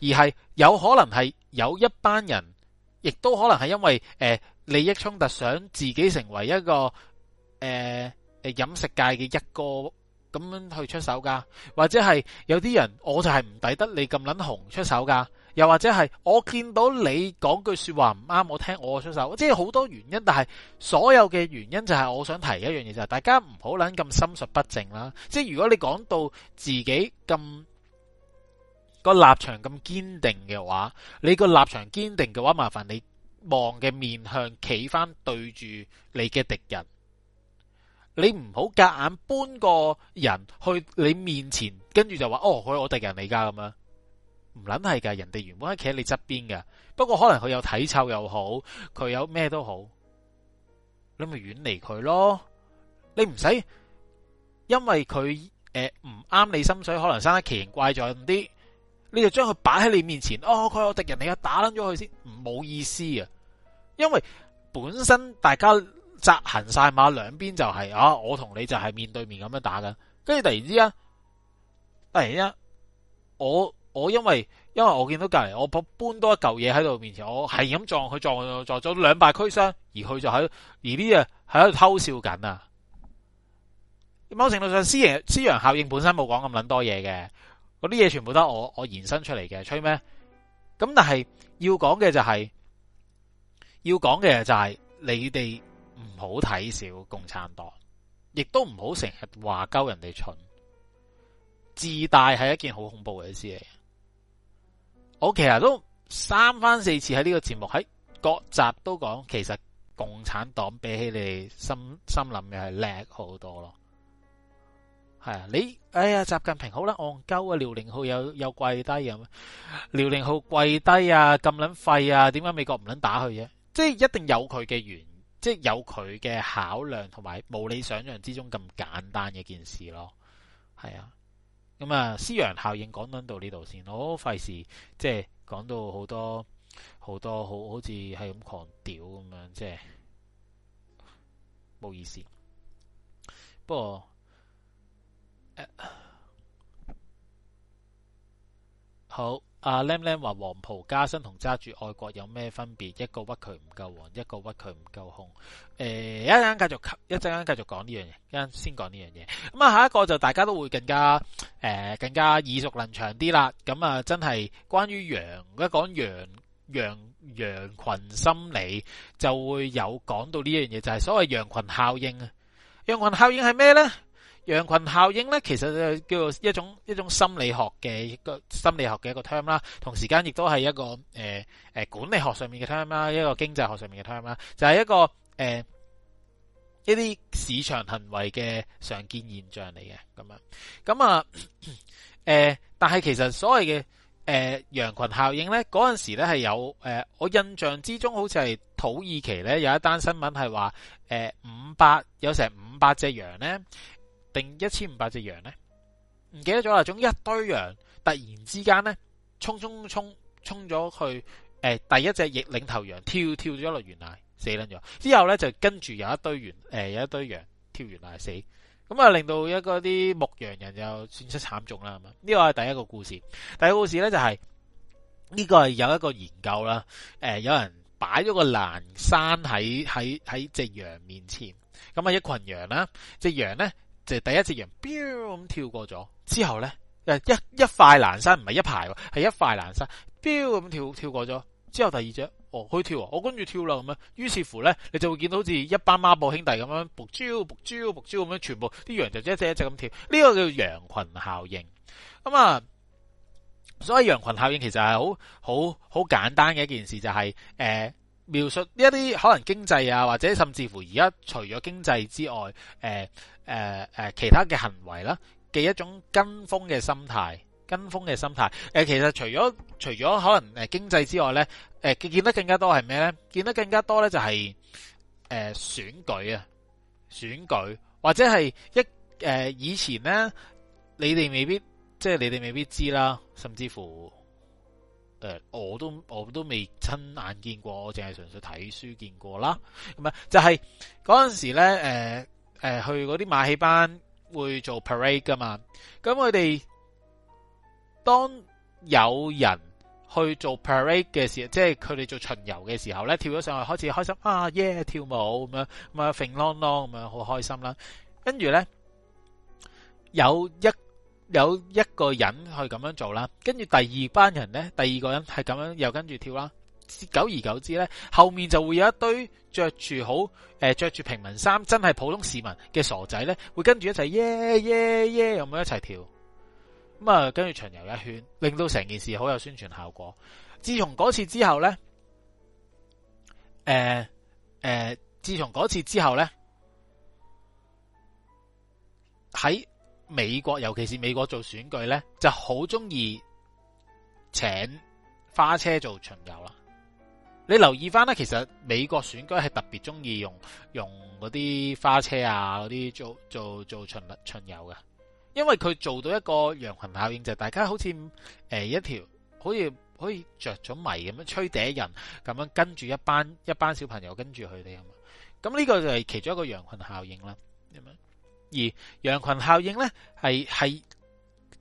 而係有可能係有一班人，亦都可能係因為誒、呃、利益衝突，想自己成為一個、呃、飲誒飲食界嘅一哥咁樣去出手噶，或者係有啲人我就係唔抵得你咁撚紅出手噶。又或者係我見到你講句說話唔啱我聽，我出手，即係好多原因。但係所有嘅原因就係我想提一樣嘢就係，大家唔好諗咁心術不正啦。即係如果你講到自己咁個立場咁堅定嘅話，你個立場堅定嘅話，麻煩你望嘅面向企翻對住你嘅敵人，你唔好夾硬搬個人去你面前，跟住就話哦，佢係我敵人嚟㗎咁樣。」唔捻係噶，人哋原本喺企喺你側邊嘅，不過可能佢有體臭又好，佢有咩都好，你咪遠離佢咯。你唔使因為佢誒唔啱你心水，可能生得奇形怪狀啲，你就將佢擺喺你面前，哦，佢係我敵人嚟嘅，打捻咗佢先，唔好意思啊！因為本身大家紮行晒馬，兩邊就係、是、啊，我同你就係面對面咁樣打緊。跟住突然之間，突然之間我。.我因為因為我見到隔籬，我搬多一嚿嘢喺度面前，我係咁撞佢撞佢撞咗兩敗俱傷，而佢就喺而呢嘢喺度偷笑緊啊！某程度上，山羊山羊效應本身冇講咁撚多嘢嘅，嗰啲嘢全部都係我我延伸出嚟嘅，吹咩？咁但係要講嘅就係、是、要講嘅就係、是、你哋唔好睇小共產黨，亦都唔好成日話鳩人哋蠢，自大係一件好恐怖嘅事嚟。我其實都三番四次喺呢個節目喺各集都講，其實共產黨比起你心心諗嘅係叻好多咯。係啊，你哎呀，習近平好啦，戇、嗯、鳩啊，遼寧號又又跪低咁，遼寧號跪低啊，咁撚廢啊，點解美國唔撚打佢啫？即係一定有佢嘅原，即係有佢嘅考量，同埋冇你想象之中咁簡單嘅件事咯。係啊。咁、嗯、啊，山羊效應到講到呢度先，我費事即係講到好多好多好好似係咁狂屌咁樣，即係冇意思。不過，啊、好。阿、uh, Lam Lam 話黃袍加身同揸住愛國有咩分別？一個屈佢唔夠黃，一個屈佢唔夠紅。誒、呃，一陣間繼續吸，一陣間繼續講呢樣嘢，一陣先講呢樣嘢。咁、嗯、啊，下一個就大家都會更加誒、呃，更加耳熟能詳啲啦。咁、嗯、啊，真係關於羊，而家講羊羊羊群心理就會有講到呢樣嘢，就係、是、所謂羊群效應啊。羊群效應係咩呢？羊群效應咧，其實就叫做一種一種心理學嘅，個心理學嘅一個 term 啦。同時間亦都係一個誒誒、呃呃、管理學上面嘅 term 啦，一個經濟學上面嘅 term 啦，就係一個誒、呃、一啲市場行為嘅常見現象嚟嘅咁樣。咁啊誒、呃，但係其實所謂嘅誒、呃、羊群效應咧，嗰陣時咧係有誒、呃、我印象之中，好似係土耳其咧有一單新聞係話誒五百有成五百隻羊咧。定一千五百隻羊呢，唔記得咗啦。總一堆羊突然之間呢，衝衝衝衝咗去誒、呃，第一隻領頭羊跳跳咗落懸崖，死啦咗之後呢就跟住有一堆羊誒，有、呃、一堆羊跳懸崖死咁啊，就令到一個啲牧羊人又損失慘重啦。咁呢個係第一個故事。第二個故事呢，就係、是、呢個係有一個研究啦。誒、呃，有人擺咗個欄山喺喺隻羊面前，咁啊，一群羊啦，隻羊呢。就係、第一隻羊，飄咁跳過咗之後咧，一一一塊欄山，唔係一排，係一塊欄山，飄咁跳跳過咗之後，第二隻，哦，可以跳啊，我跟住跳啦咁樣。於是乎咧，你就會見到好似一班孖寶兄弟咁樣，逐逐逐咁樣，全部啲羊就一隻一隻咁跳，呢、這個叫羊群效應。咁啊，所以羊群效應其實係好好好簡單嘅一件事，就係、是、誒、呃、描述呢一啲可能經濟啊，或者甚至乎而家除咗經濟之外，呃誒、呃、誒，其他嘅行為啦嘅一種跟風嘅心態，跟風嘅心態。誒、呃，其實除咗除咗可能誒經濟之外咧，誒見得更加多係咩咧？見得更加多咧就係誒選舉啊，選舉、選舉或者係一誒、呃、以前咧，你哋未必即係、就是、你哋未必知啦，甚至乎誒、呃、我都我都未親眼見過，我淨係純粹睇書見過啦。咁啊，就係嗰陣時咧，誒、呃。誒，去嗰啲馬戲班會做 parade 噶嘛？咁佢哋當有人去做 parade 嘅時候，即係佢哋做巡遊嘅時候咧，跳咗上去開始開心啊！耶、yeah，跳舞咁樣咁啊 fing long long 咁樣，好開心啦。跟住咧有一有一個人去咁樣做啦，跟住第二班人咧，第二個人係咁樣又跟住跳啦。久而久之咧，後面就會有一堆着住好誒，呃、着住平民衫，真係普通市民嘅傻仔咧，會跟住一齊耶耶耶咁樣一齊跳。咁啊，跟住巡遊一圈，令到成件事好有宣傳效果。自從嗰次之後咧，誒、呃、誒、呃，自從嗰次之後咧，喺美國尤其是美國做選舉咧，就好中意請花車做巡遊啦。你留意翻咧，其實美國選舉係特別中意用用嗰啲花車啊，嗰啲做做做，做巡巡遊嘅，因為佢做到一個羊群效應，就係、大家好似、呃、一條，好似好似著咗迷咁樣，吹笛人咁樣跟住一班一班小朋友跟住佢哋咁嘛。咁呢個就係其中一個羊群效應啦。咁而羊群效應咧，係係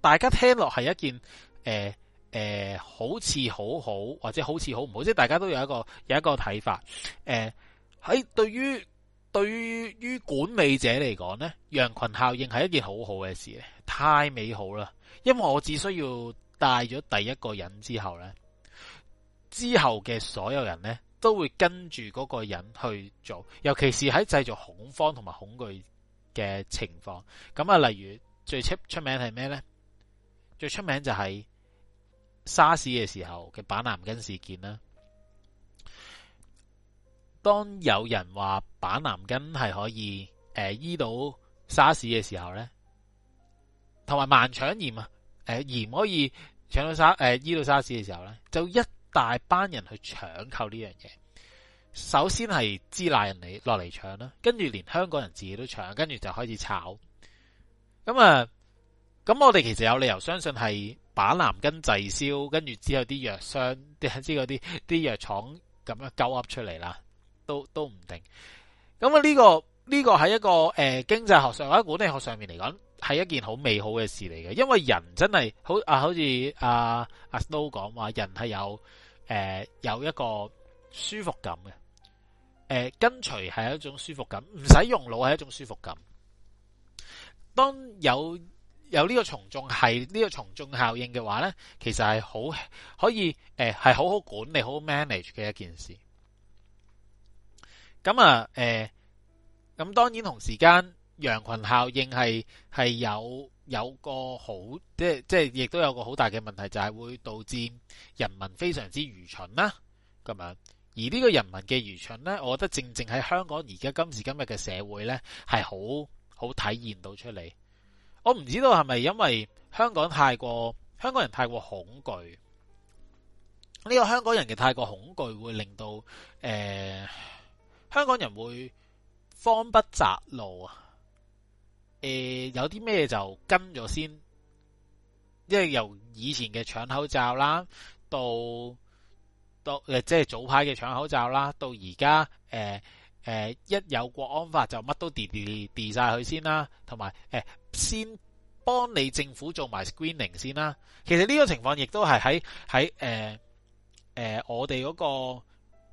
大家聽落係一件、呃誒、呃，好似好好或者好似好唔好？即係大家都有一個有一個睇法。誒、呃、喺對於對於管理者嚟講呢，羊群效應係一件好好嘅事，太美好啦。因為我只需要帶咗第一個人之後呢，之後嘅所有人呢，都會跟住嗰個人去做，尤其是喺製造恐慌同埋恐懼嘅情況。咁啊，例如最出出名係咩呢？最出名就係、是。沙士嘅時候嘅板藍根事件啦，當有人話板藍根係可以誒、呃、醫到沙士嘅時候呢，同埋萬搶鹽啊，誒、呃、唔可以搶到沙誒、呃、醫到沙士嘅時候呢，就一大班人去搶購呢樣嘢。首先係支那人嚟落嚟搶啦，跟住連香港人自己都搶，跟住就開始炒。咁啊，咁我哋其實有理由相信係。板藍根滯銷，跟住之後啲藥商，即係之嗰啲啲藥廠咁樣勾噏出嚟啦，都都唔定。咁啊、這個，呢、這個呢個喺一個誒、呃、經濟學上或者管理學上面嚟講，係一件好美好嘅事嚟嘅。因為人真係好啊，好似阿阿 Snow 講話，人係有誒、呃、有一個舒服感嘅。誒、呃，跟隨係一種舒服感，唔使用，用腦係一種舒服感。當有。有呢個從眾係呢、呢個從眾效應嘅話呢，其實係好可以誒，係、呃、好好管理、好好 manage 嘅一件事。咁啊，誒、呃，咁當然同時間羊群效應係係有有個好即係即係，亦都有個好大嘅問題，就係、係、會導致人民非常之愚蠢啦、啊。咁樣而呢個人民嘅愚蠢呢，我覺得正正喺香港而家今時今日嘅社會呢，係好好體現到出嚟。我唔知道係咪因為香港太過香港人太過恐懼呢、這個香港人嘅太過恐懼會令到誒、呃、香港人會慌不擇路啊？誒、呃，有啲咩就跟咗先，因為由以前嘅搶口罩啦，到到誒，即係早排嘅搶口罩啦，到而家誒誒，一有國安法就乜都跌跌跌晒佢先啦，同埋誒。欸先幫你政府做埋 screening 先啦。其實呢個情況亦都係喺喺誒我哋嗰、嗰個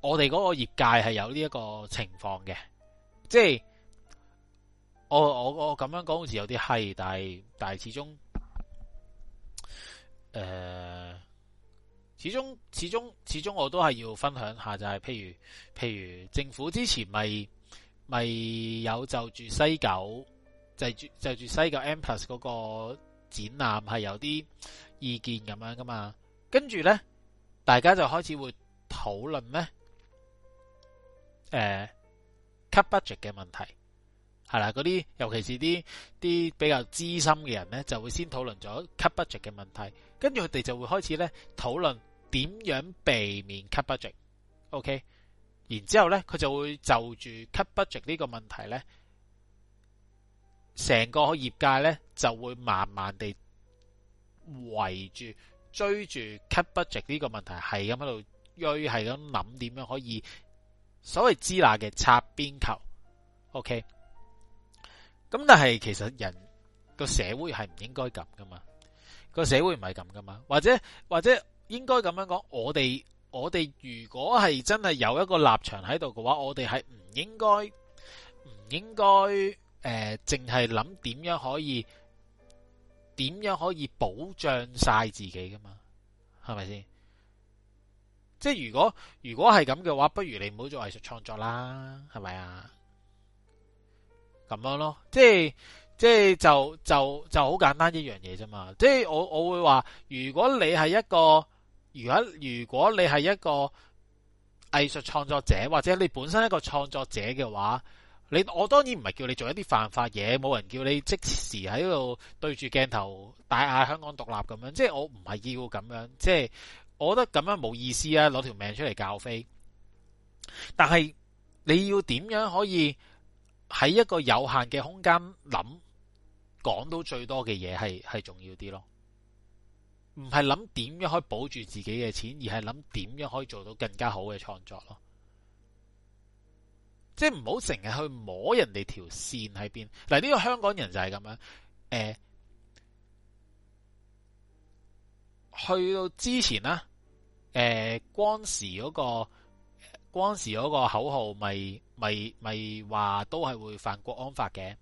我哋嗰個業界係有呢一個情況嘅。即係我我我咁樣講好似有啲閪，但係但係始終誒、呃、始終始終始終我都係要分享下，就係、係、譬如譬如政府之前咪咪有就住西九。就住就住西九 M+ 嗰個展覽係有啲意見咁樣噶嘛，跟住咧大家就開始會討論咩誒 cut budget 嘅問題係啦，嗰啲尤其是啲啲比較資深嘅人咧，就會先討論咗 cut budget 嘅問題，跟住佢哋就會開始咧討論點樣避免 cut budget，OK，okay? 然之後咧佢就會就住 cut budget 呢個問題咧。成個業界咧，就會慢慢地圍住、追住、cut budget 呢個問題，係咁喺度，追係咁諗，點樣可以？所謂支那嘅擦邊球，OK。咁但係其實人個社會係唔應該咁噶嘛？個社會唔係咁噶嘛？或者或者應該咁樣講，我哋我哋如果係真係有一個立場喺度嘅話，我哋係唔應該唔應該。誒、呃，淨係諗點樣可以點樣可以保障晒自己噶嘛？係咪先？即係如果如果係咁嘅話，不如你唔好做藝術創作啦，係咪啊？咁樣咯，即係即係就就就好簡單一樣嘢啫嘛。即係我我會話，如果你係一個如果如果你係一個藝術創作者，或者你本身一個創作者嘅話。你我當然唔係叫你做一啲犯法嘢，冇人叫你即時喺度對住鏡頭大嗌香港獨立咁樣，即係我唔係要咁樣，即係我覺得咁樣冇意思啊！攞條命出嚟教飛，但係你要點樣可以喺一個有限嘅空間諗講到最多嘅嘢係係重要啲咯。唔係諗點樣可以保住自己嘅錢，而係諗點樣可以做到更加好嘅創作咯。即係唔好成日去摸人哋條線喺邊，嗱呢個香港人就係咁樣，誒，去到之前啦，誒，光時嗰個光時嗰個口號咪咪咪話都係會犯國安法嘅，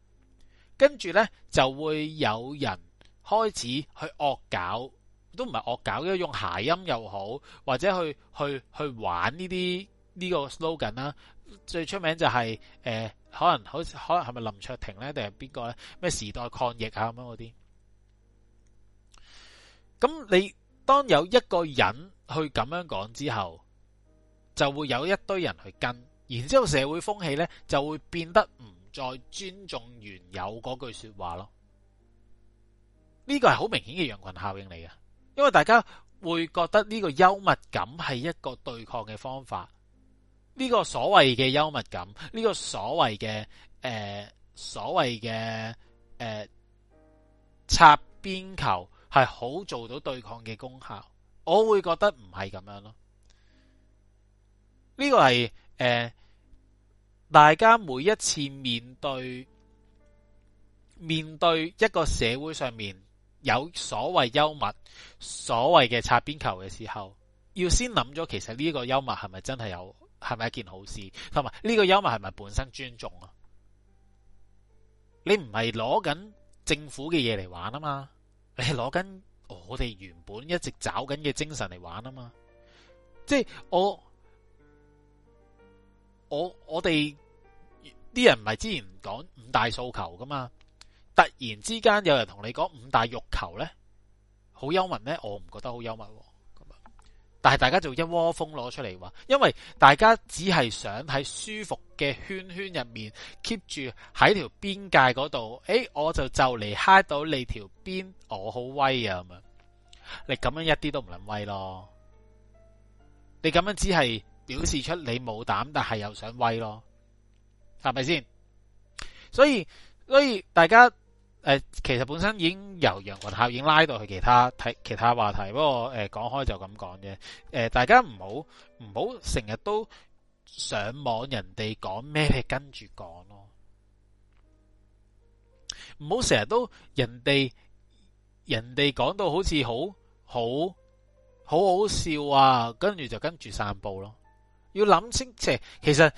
跟住咧就會有人開始去惡搞，都唔係惡搞，用諧音又好，或者去去去玩呢啲呢個 slogan 啦。最出名就係、是、誒、呃，可能好似可能係咪林卓廷呢？定係邊個呢？咩時代抗疫啊咁樣嗰啲。咁你當有一個人去咁樣講之後，就會有一堆人去跟，然之後社會風氣呢，就會變得唔再尊重原有嗰句說話咯。呢、這個係好明顯嘅羊群效應嚟嘅，因為大家會覺得呢個幽默感係一個對抗嘅方法。呢個所謂嘅幽默感，呢個所謂嘅誒，所謂嘅誒插邊球，係好做到對抗嘅功效。我會覺得唔係咁樣咯。呢個係誒大家每一次面對面對一個社會上面有所謂幽默、所謂嘅插邊球嘅時候，要先諗咗，其實呢個幽默係咪真係有？係咪一件好事？同埋呢個幽默係咪本身尊重啊？你唔係攞緊政府嘅嘢嚟玩啊嘛？你係攞緊我哋原本一直找緊嘅精神嚟玩啊嘛？即係我我我哋啲人唔係之前講五大訴求噶嘛？突然之間有人同你講五大欲求咧，好幽默咩？我唔覺得好幽默啊。但係大家就一窩蜂攞出嚟話，因為大家只係想喺舒服嘅圈圈入面 keep 住喺條邊界嗰度，誒、欸，我就就嚟揩到你條邊，我好威啊！咁樣，你咁樣一啲都唔能威咯，你咁樣只係表示出你冇膽，但係又想威咯，係咪先？所以所以大家。誒、呃，其實本身已經由羊群效應已經拉到去其他睇其他話題，不過誒講開就咁講啫。誒、呃，大家唔好唔好成日都上網，人哋講咩跟住講咯，唔好成日都人哋人哋講到好似好好好好笑啊，跟住就跟住散步咯，要諗清即係其實。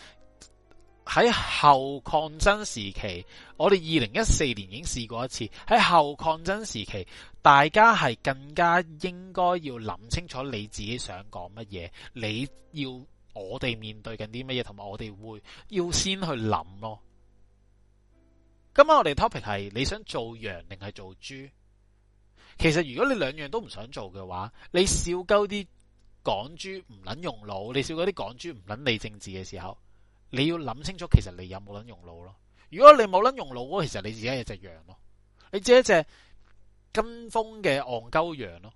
喺後抗爭時期，我哋二零一四年已經試過一次。喺後抗爭時期，大家係更加應該要諗清楚你自己想講乜嘢，你要我哋面對緊啲乜嘢，同埋我哋會要先去諗咯。今晚我哋 topic 係你想做羊定係做豬？其實如果你兩樣都唔想做嘅話，你笑鳩啲港豬唔撚用腦，你笑鳩啲港豬唔撚理政治嘅時候。你要諗清楚，其實你有冇撚用腦咯？如果你冇撚用腦，其實你自己係一隻羊咯，你只一隻跟風嘅戇鳩羊咯。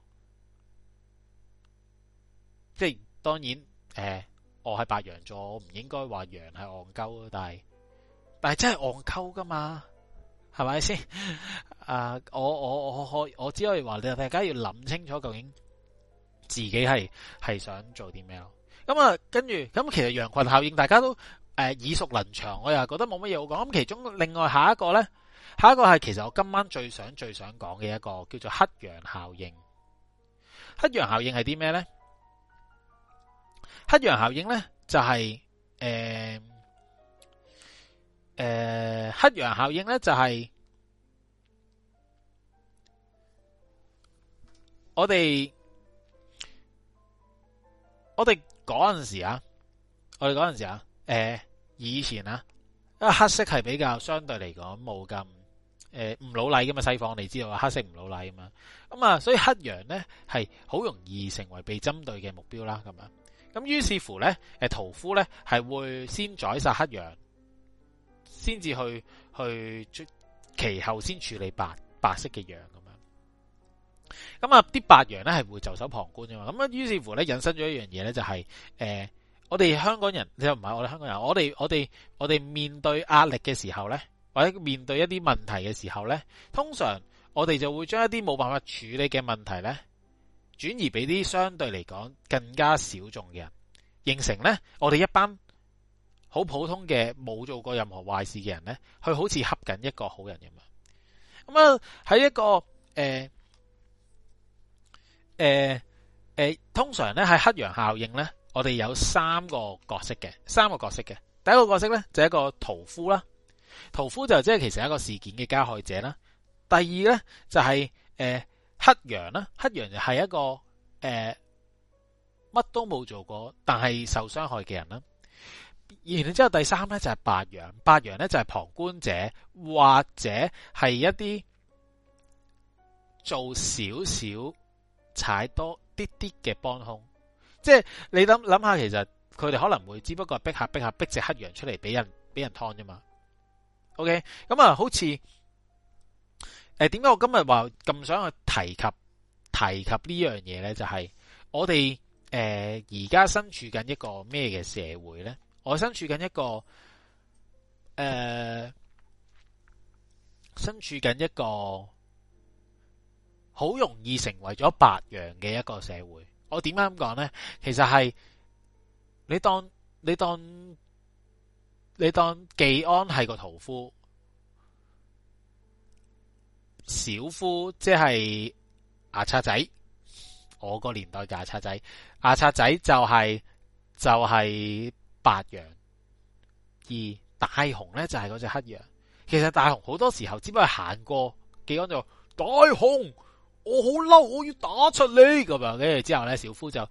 即係當然，誒、呃，我係白羊座，我唔應該話羊係戇鳩，但係但係真係戇鳩噶嘛，係咪先？ *laughs* 啊，我我我我我只可以話，你大家要諗清楚，究竟自己係係想做啲咩咯？咁、嗯、啊，跟住咁、嗯，其實羊群效應，大家都。誒、呃，耳熟能詳，我又覺得冇乜嘢好講。咁其中另外下一個咧，下一個係其實我今晚最想最想講嘅一個叫做黑羊效應。黑羊效應係啲咩咧？黑羊效應咧就係誒誒，黑羊效應咧就係我哋我哋嗰陣時啊，我哋嗰陣時啊，誒。呃以前啊，因為黑色係比較相對嚟講冇咁誒唔老禮噶嘛，西方你知道啊，黑色唔老禮噶嘛，咁啊所以黑羊呢係好容易成為被針對嘅目標啦，咁樣咁、啊、於是乎呢，誒屠夫呢係會先宰殺黑羊，先至去去其後先處理白白色嘅羊咁樣、啊，咁啊啲白羊呢係會袖手旁觀噶嘛，咁啊於是乎呢，引申咗一樣嘢呢，就係誒。我哋香港人，你又唔係我哋香港人，我哋我哋我哋面對壓力嘅時候呢，或者面對一啲問題嘅時候呢，通常我哋就會將一啲冇辦法處理嘅問題呢，轉移俾啲相對嚟講更加小眾嘅人，形成呢，我哋一班好普通嘅冇做過任何壞事嘅人呢，佢好似恰緊一個好人咁樣。咁啊喺一個誒誒、呃呃呃、通常呢係黑羊效應呢。我哋有三個角色嘅，三個角色嘅。第一個角色咧就係、一個屠夫啦，屠夫就即係其實係一個事件嘅加害者啦。第二咧就係、係、誒、呃、黑羊啦，黑羊就係一個誒乜、呃、都冇做過但係受傷害嘅人啦。然之後第三咧就係、係、白羊，白羊咧就係旁觀者或者係一啲做少少踩多啲啲嘅幫凶。即係你諗諗下，其實佢哋可能會只不過逼下逼下逼隻黑羊出嚟，俾人俾人劏啫嘛。OK，咁啊，好似誒，點解我今日話咁想去提及提及呢樣嘢咧？就係我哋誒而家身處緊一個咩嘅社會咧？我身處緊一個誒身處緊一個好容易成為咗白羊嘅一個社會。我點解咁講呢？其實係你當你當你當技安係個屠夫，小夫即係牙刷仔。我個年代牙刷仔，牙刷仔就係、是、就係、是、白羊，而大雄呢就係嗰隻黑羊。其實大雄好多時候只不過行過技安就大雄。我好嬲，我要打出你咁樣，跟住之後咧，小夫就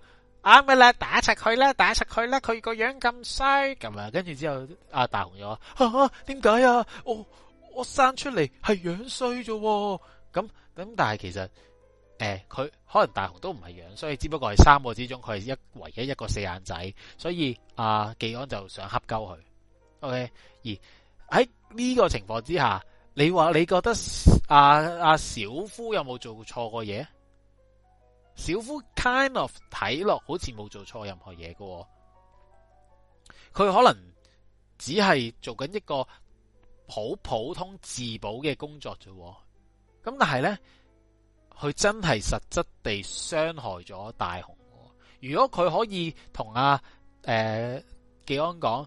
啱咪啦打柒佢呢？打柒佢呢？佢個樣咁衰咁啊！跟住之後，阿大雄又話：點解啊？啊啊我我生出嚟係樣衰啫，咁咁但係其實，誒、呃，佢可能大雄都唔係樣衰，只不過係三個之中佢係一唯一一個四眼仔，所以阿技安就想恰鳩佢。Okay，而喺呢個情況之下。你話你覺得阿阿、啊啊、小夫有冇做錯過嘢？小夫 kind of 睇落好似冇做錯任何嘢嘅，哦，佢可能只係做緊一個好普通自保嘅工作啫。咁但係咧，佢真係實質地傷害咗大雄。如果佢可以同阿誒技安講。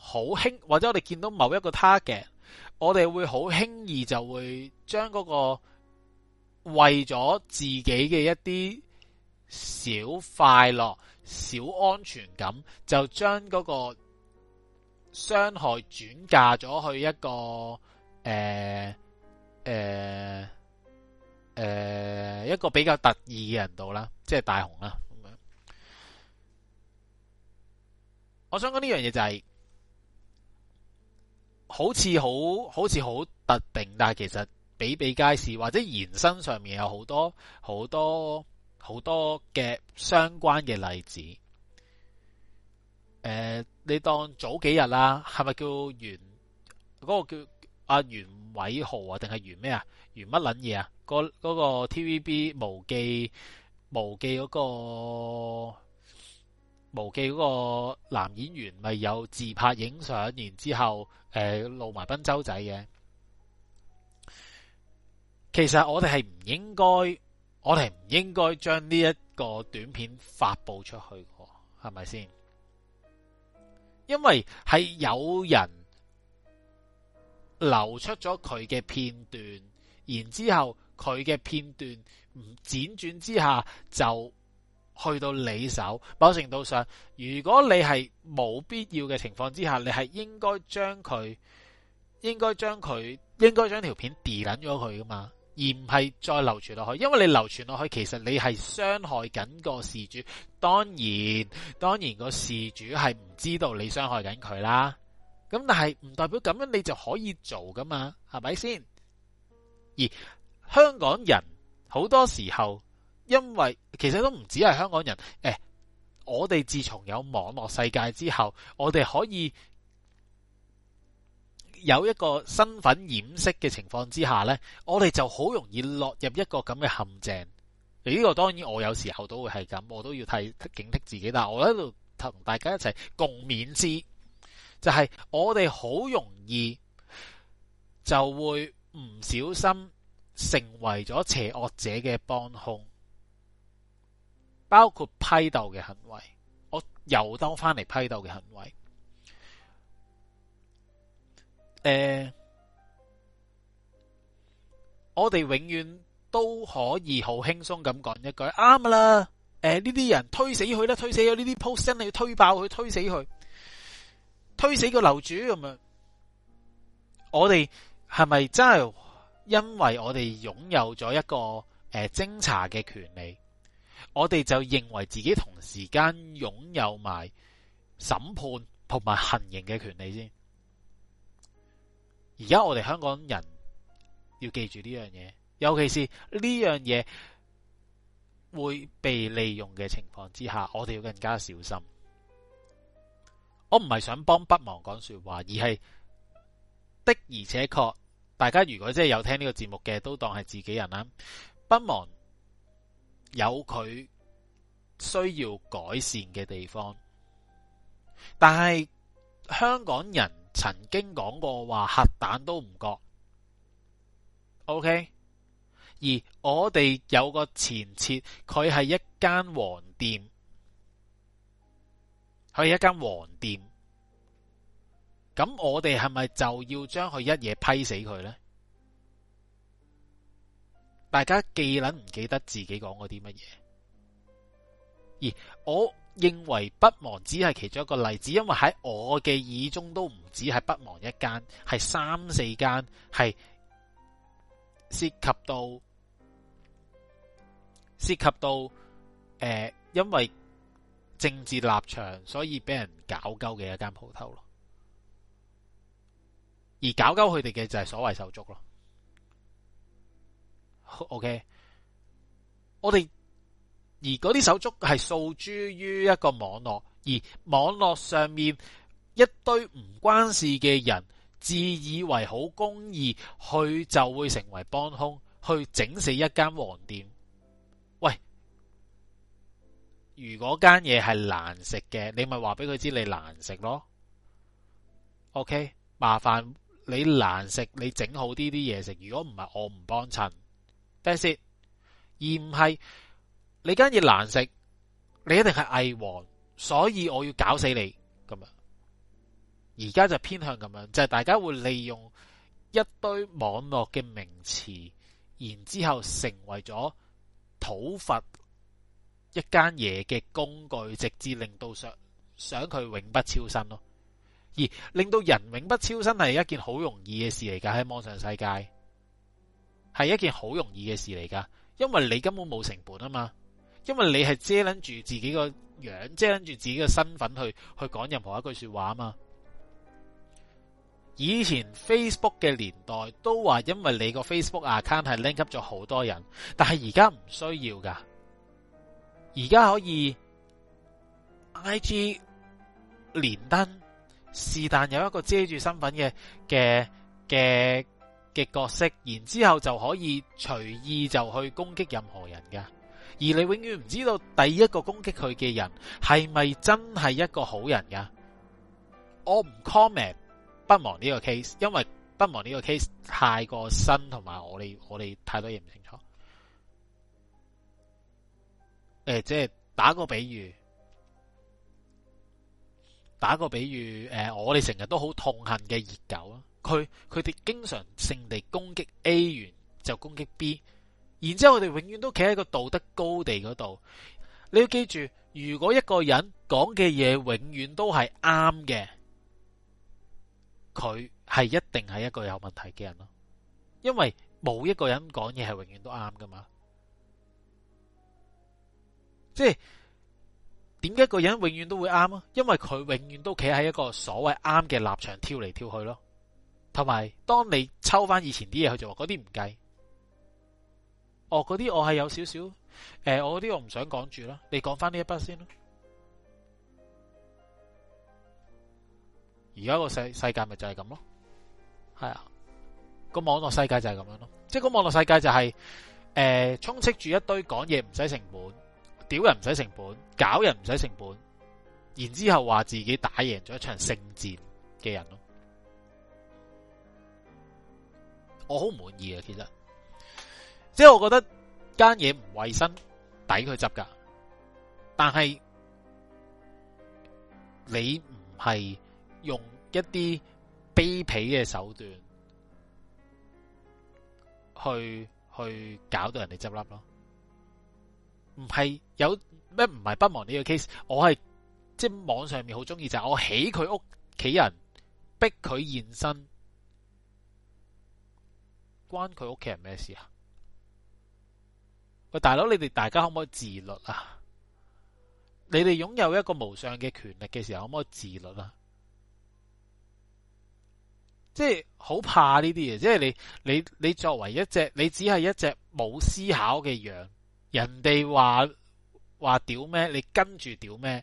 好輕或者我哋見到某一個 target，我哋會好輕易就會將嗰個為咗自己嘅一啲小快樂、小安全感，就將嗰個傷害轉嫁咗去一個誒誒誒一個比較得意嘅人度啦，即係大雄啦。我想講呢樣嘢就係。好似好好似好特定，但係其實比比皆是，或者延伸上面有好多好多好多嘅相關嘅例子。誒、呃，你當早幾日啦、啊，係咪叫袁嗰、那個叫阿、啊、袁偉豪啊，定係袁咩啊？袁乜捻嘢啊？嗰、那個 TVB 無記無記嗰、那個。無記嗰個男演員咪有自拍影相，然之後誒露埋賓周仔嘅。其實我哋係唔應該，我哋唔應該將呢一個短片發布出去，係咪先？因為係有人流出咗佢嘅片段，然之後佢嘅片段唔輾轉之下就。去到你手，某程度上，如果你係冇必要嘅情況之下，你係應該將佢，應該將佢，應該將條片 delete 咗佢噶嘛，而唔係再流傳落去，因為你流傳落去，其實你係傷害緊個事主，當然，當然個事主係唔知道你傷害緊佢啦，咁但係唔代表咁樣你就可以做噶嘛，係咪先？而香港人好多時候。因為其實都唔止係香港人，誒、哎，我哋自從有網絡世界之後，我哋可以有一個身份掩飾嘅情況之下咧，我哋就好容易落入一個咁嘅陷阱。呢、這個當然我有時候都會係咁，我都要睇警惕自己，但係我喺度同大家一齊共勉之，就係、是、我哋好容易就會唔小心成為咗邪惡者嘅幫凶。包括批鬥嘅行為，我又兜翻嚟批鬥嘅行為。誒、呃，我哋永遠都可以好輕鬆咁講一句啱啦。誒，呢、呃、啲人推死佢啦，推死咗呢啲 post 真係要推爆佢，推死佢，推死個樓主咁樣！我哋係咪真係因為我哋擁有咗一個誒偵、呃、查嘅權利？我哋就認為自己同時間擁有埋審判同埋行刑嘅權利先。而家我哋香港人要記住呢樣嘢，尤其是呢樣嘢會被利用嘅情況之下，我哋要更加小心。我唔係想幫不忙講說話，而係的而且確，大家如果真係有聽呢個節目嘅，都當係自己人啦。不忙。有佢需要改善嘅地方，但係香港人曾經講過話核彈都唔覺，OK。而我哋有個前設，佢係一間黃店，佢係一間黃店，咁我哋係咪就要將佢一嘢批死佢咧？大家記捻唔記得自己講過啲乜嘢？而我認為不忙只係其中一個例子，因為喺我嘅耳中都唔止係不忙一間，係三四間係涉及到涉及到誒、呃，因為政治立場，所以俾人搞鳩嘅一間鋪頭咯。而搞鳩佢哋嘅就係所謂手足咯。OK，我哋而嗰啲手足係訴諸於一個網絡，而網絡上面一堆唔關事嘅人自以為好公義，佢就會成為幫兇去整死一間黃店。喂，如果間嘢係難食嘅，你咪話俾佢知你難食咯。OK，麻煩你難食，你整好啲啲嘢食。如果唔係，我唔幫襯。Say，而唔係你間嘢難食，你一定係偽黃，所以我要搞死你咁啊！而家就偏向咁樣，就係大家會利用一堆網絡嘅名詞，然之後成為咗討伐一間嘢嘅工具，直至令到想想佢永不超生咯。而令到人永不超生係一件好容易嘅事嚟噶，喺網上世界。係一件好容易嘅事嚟噶，因為你根本冇成本啊嘛，因為你係遮捻住自己個樣，遮捻住自己嘅身份去去講任何一句說話啊嘛。以前 Facebook 嘅年代都話，因為你個 Facebook account 係 link up 咗好多人，但係而家唔需要噶，而家可以 IG 連登，是但有一個遮住身份嘅嘅嘅嘅角色，然之後就可以隨意就去攻擊任何人噶，而你永遠唔知道第一個攻擊佢嘅人係咪真係一個好人噶。我唔 comment 不忙呢個 case，因為不忙呢個 case 太過新，同埋我哋我哋太多嘢唔清楚。誒，即係打個比喻，打個比喻，誒，我哋成日都好痛恨嘅熱狗啊。佢佢哋經常性地攻擊 A 完就攻擊 B，然之後我哋永遠都企喺個道德高地嗰度。你要記住，如果一個人講嘅嘢永遠都係啱嘅，佢係一定係一個有問題嘅人咯。因為冇一個人講嘢係永遠都啱噶嘛。即係點解一個人永遠都會啱啊？因為佢永遠都企喺一個所謂啱嘅立場跳嚟跳去咯。同埋，當你抽翻以前啲嘢，佢就話嗰啲唔計。哦，嗰啲我係有少少，誒、呃，我啲我唔想講住啦。你講翻呢一筆先啦。而家個世世界咪就係咁咯，係啊，網就是，個網絡世界就係咁樣咯。即係個網絡世界就係，誒，充斥住一堆講嘢唔使成本、屌人唔使成本、搞人唔使成本，然之後話自己打贏咗一場聖戰嘅人咯。我好唔滿意啊，其實，即係我覺得間嘢唔衛生，抵佢執噶。但係你唔係用一啲卑鄙嘅手段去去搞到人哋執笠咯？唔係有咩唔係不忙呢個 case？我係即係網上面好中意就係我起佢屋企人，逼佢現身。關佢屋企人咩事啊？喂，大佬，你哋大家可唔可以自律啊？你哋擁有一個無上嘅權力嘅時候，可唔可以自律啊？即係好怕呢啲嘢，即係你你你作為一隻，你只係一隻冇思考嘅羊。人哋話話屌咩，你跟住屌咩？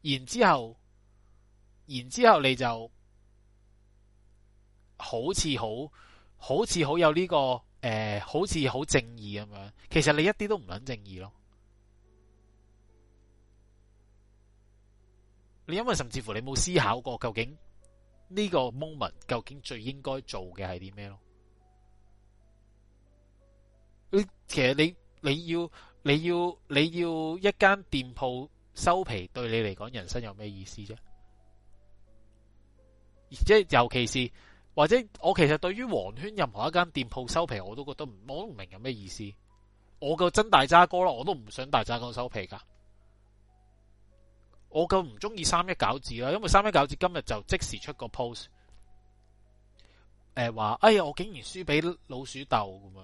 然之後，然之後你就好似好。好似好有呢、這個誒、呃，好似好正義咁樣，其實你一啲都唔諗正義咯。你因為甚至乎你冇思考過，究竟呢個 moment 究竟最應該做嘅係啲咩咯？你其實你你要你要你要一間店鋪收皮，對你嚟講人生有咩意思啫？即係尤其是。或者我其實對於黃圈任何一間店鋪收皮，我都覺得唔我都唔明有咩意思。我夠真大渣哥啦，我都唔想大渣哥收皮噶。我夠唔中意三一餃子啦，因為三一餃子今日就即時出個 post，誒、呃、話哎呀，我竟然輸俾老鼠斗咁樣，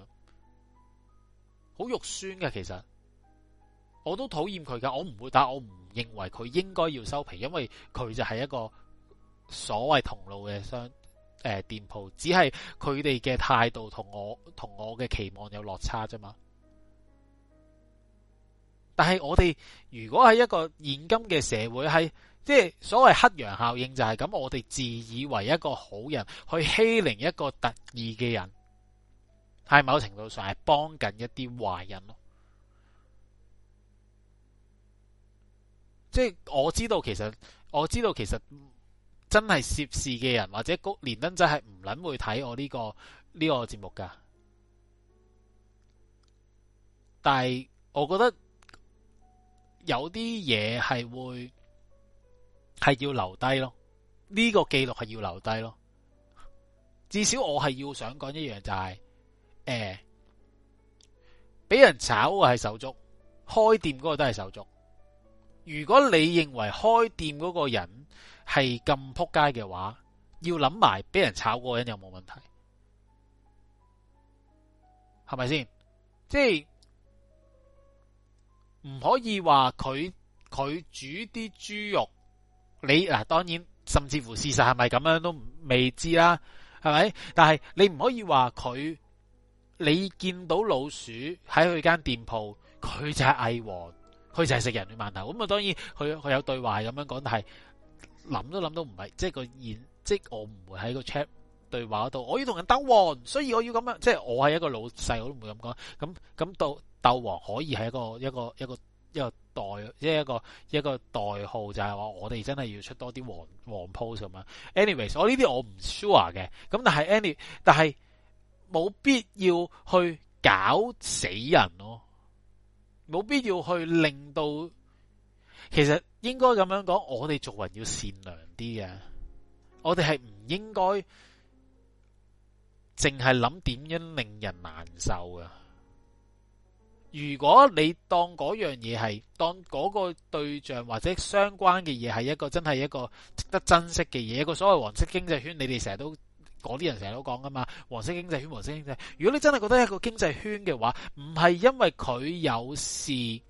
好肉酸嘅。其實我都討厭佢噶，我唔會打，我唔認為佢應該要收皮，因為佢就係一個所謂同路嘅商。誒、呃，店鋪只係佢哋嘅態度同我同我嘅期望有落差啫嘛。但係我哋如果喺一個現今嘅社會，係即係所謂黑羊效應，就係咁。我哋自以為一個好人去欺凌一個特異嘅人，喺某程度上係幫緊一啲壞人咯。即係我知道，其實我知道，其實，真係涉事嘅人或者連登仔係唔撚會睇我呢、這個呢、這個節目噶，但係我覺得有啲嘢係會係要留低咯，呢個記錄係要留低咯。至少我係要想講一樣就係，是，誒、欸，俾人炒係手足，開店嗰個都係手足。如果你認為開店嗰個人，係咁撲街嘅話，要諗埋俾人炒嗰個人有冇問題，係咪先？即係唔可以話佢佢煮啲豬肉，你嗱、啊、當然，甚至乎事實係咪咁樣都未知啦，係咪？但係你唔可以話佢，你見到老鼠喺佢間店鋪，佢就係蟻王，佢就係食人嘅饅頭，咁啊當然佢佢有對話咁樣講，但係。諗都諗都唔係，即係個演，即係我唔會喺個 chat 對話度，我要同人鬥王，所以我要咁樣，即係我係一個老細，我都唔會咁講。咁咁到鬥王可以係一個一個一個一個代，即係一個一個代號，就係話我哋真係要出多啲王王鋪咁啊。Anyways，我呢啲我唔 sure 嘅，咁但係 any，但係冇必要去搞死人咯、哦，冇必要去令到。其實應該咁樣講，我哋做人要善良啲嘅，我哋係唔應該淨係諗點樣令人難受噶。如果你當嗰樣嘢係當嗰個對象或者相關嘅嘢係一個真係一個值得珍惜嘅嘢，一個所謂黃色經濟圈，你哋成日都嗰啲人成日都講噶嘛？黃色經濟圈、黃色經濟，如果你真係覺得係一個經濟圈嘅話，唔係因為佢有事。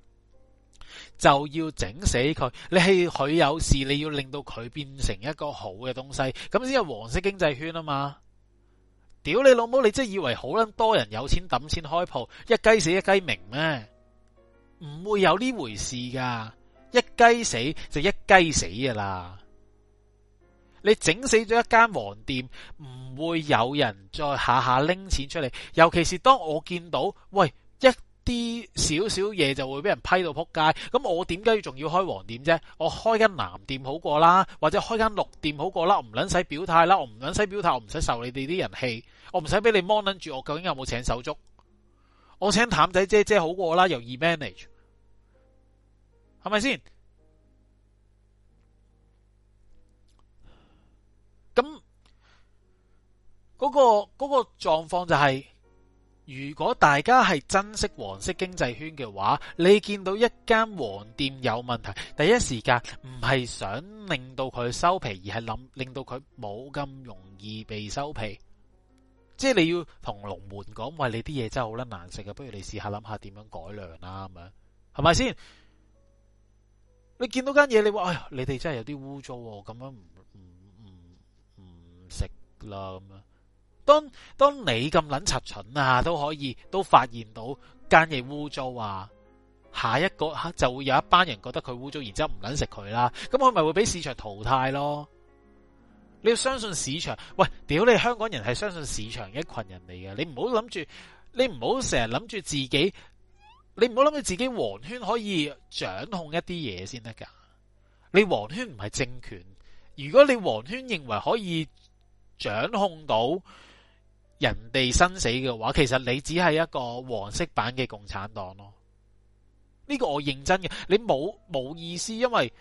就要整死佢，你係佢有事，你要令到佢變成一個好嘅東西，咁先係黃色經濟圈啊嘛！屌你老母，你真係以為好多人有錢抌錢開鋪，一雞死一雞鳴咩？唔會有呢回事噶，一雞死就一雞死噶啦。你整死咗一間黃店，唔會有人再下下拎錢出嚟，尤其是當我見到喂，啲少少嘢就會俾人批到仆街，咁我點解仲要開黃店啫？我開間藍店好過啦，或者開間綠店好過啦，我唔撚使表態啦，我唔撚使表態，我唔使受你哋啲人氣，我唔使俾你 mon 拎住，我究竟有冇請手足？我請譚仔姐姐好過啦，由易 manage，係咪先？咁嗰、嗰個嗰、嗰個狀況就係、係。如果大家係珍惜黃色經濟圈嘅話，你見到一間黃店有問題，第一時間唔係想令到佢收皮，而係諗令到佢冇咁容易被收皮。即係你要同龍門講，喂、哎，你啲嘢真係好撚難食啊！不如你試下諗下點樣改良啦咁樣，係咪先？你見到間嘢，你話哎呀，你哋真係有啲污糟，咁樣唔唔唔唔食啦咁樣。當當你咁捻賊蠢啊，都可以都發現到間嘢污糟啊，下一個就會有一班人覺得佢污糟，然之後唔捻食佢啦，咁佢咪會俾市場淘汰咯？你要相信市場。喂，屌你，香港人係相信市場嘅一群人嚟嘅，你唔好諗住，你唔好成日諗住自己，你唔好諗住自己黃圈可以掌控一啲嘢先得㗎。你黃圈唔係政權，如果你黃圈認為可以掌控到，人哋生死嘅話，其實你只係一個黃色版嘅共產黨咯。呢個我認真嘅，你冇冇意思，因為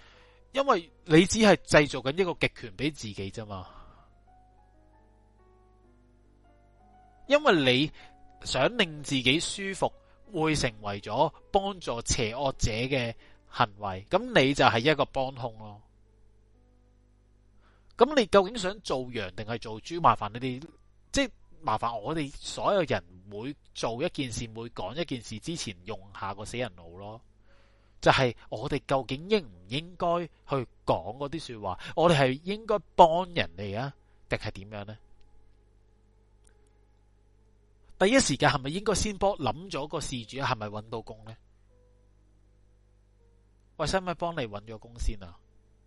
因為你只係製造緊一個極權俾自己啫嘛。因為你想令自己舒服，會成為咗幫助邪惡者嘅行為，咁你就係一個幫凶咯。咁你究竟想做羊定係做豬？麻煩你哋，即麻煩我哋所有人，每做一件事，每講一件事之前，用下個死人腦咯，就係、是、我哋究竟應唔應該去講嗰啲說話？我哋係應該幫人哋啊，定係點樣呢？第一時間係咪應該先幫諗咗個事主係咪搵到工呢？喂，使唔使幫你搵咗工先啊？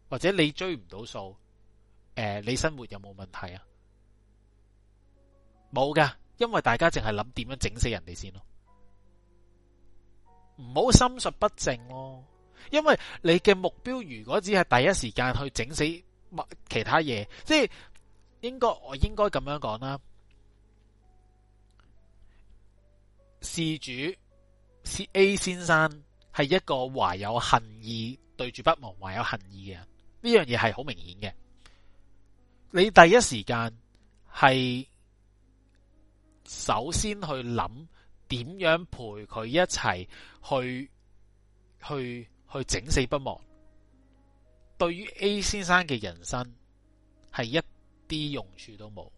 或者你追唔到數、呃？你生活有冇問題啊？冇噶，因為大家淨係諗點樣整死人哋先咯，唔好心術不正咯，啊。因為你嘅目標如果只係第一時間去整死物其他嘢，即係應該，我應該咁樣講啦。事主 A 先生，係一個懷有恨意對住不忘懷有恨意嘅人，呢樣嘢係好明顯嘅。你第一時間係。首先去諗點樣陪佢一齊去去去，去整死不忘。對於 A 先生嘅人生係一啲用處都冇，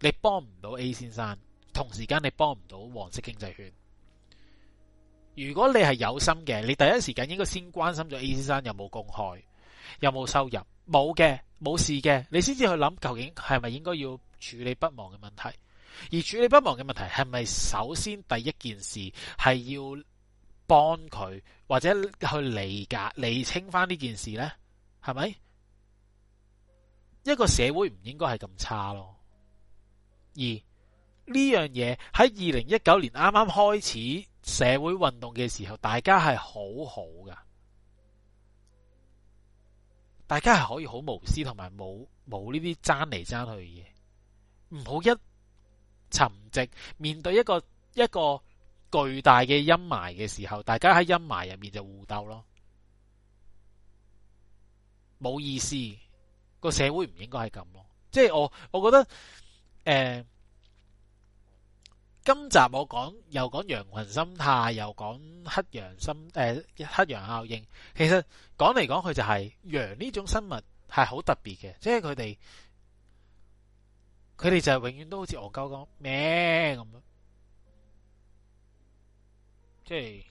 你幫唔到 A 先生，同時間你幫唔到黃色經濟圈。如果你係有心嘅，你第一時間應該先關心咗 A 先生有冇工開、有冇收入，冇嘅冇事嘅，你先至去諗究竟係咪應該要處理不忘嘅問題。而處理不忘嘅問題係咪？係咪首先第一件事係要幫佢或者去理解，理清翻呢件事呢？係咪一個社會唔應該係咁差咯？而呢樣嘢喺二零一九年啱啱開始社會運動嘅時候，大家係好好噶，大家係可以好無私，同埋冇冇呢啲爭嚟爭去嘅嘢，唔好一。沉寂面對一個一個巨大嘅陰霾嘅時候，大家喺陰霾入面就互鬥咯，冇意思。個社會唔應該係咁咯，即係我我覺得，誒、呃，今集我講又講羊群心態，又講黑羊心，誒、呃，黑羊效應。其實講嚟講去就係、是、羊呢種生物係好特別嘅，即係佢哋。佢哋就係永遠都好似戇鳩咁咩咁咯，即係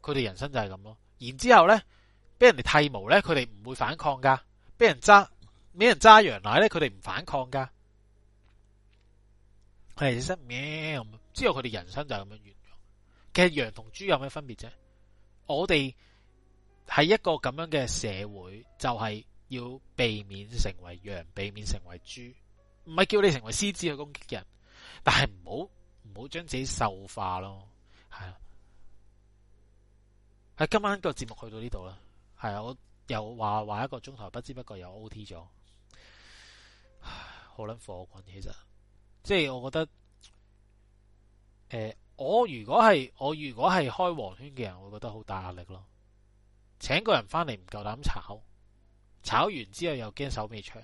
佢哋人生就係咁咯。然之後咧，俾人哋剃毛咧，佢哋唔會反抗噶；俾人揸，俾人揸羊奶咧，佢哋唔反抗噶。係失咩？之後佢哋人生就係咁樣完。其實羊同豬有咩分別啫？我哋喺一個咁樣嘅社會，就係、是、要避免成為羊，避免成為豬。唔係叫你成為獅子去攻擊人，但係唔好唔好將自己獸化咯，係啊。喺今晚個節目去到呢度啦，係啊。我又話話一個鐘頭，不知不覺又 O T 咗，好撚火滾。其實，即係我覺得，誒、呃，我如果係我如果係開黃圈嘅人，會覺得好大壓力咯。請個人翻嚟唔夠膽炒，炒完之後又驚手尾長。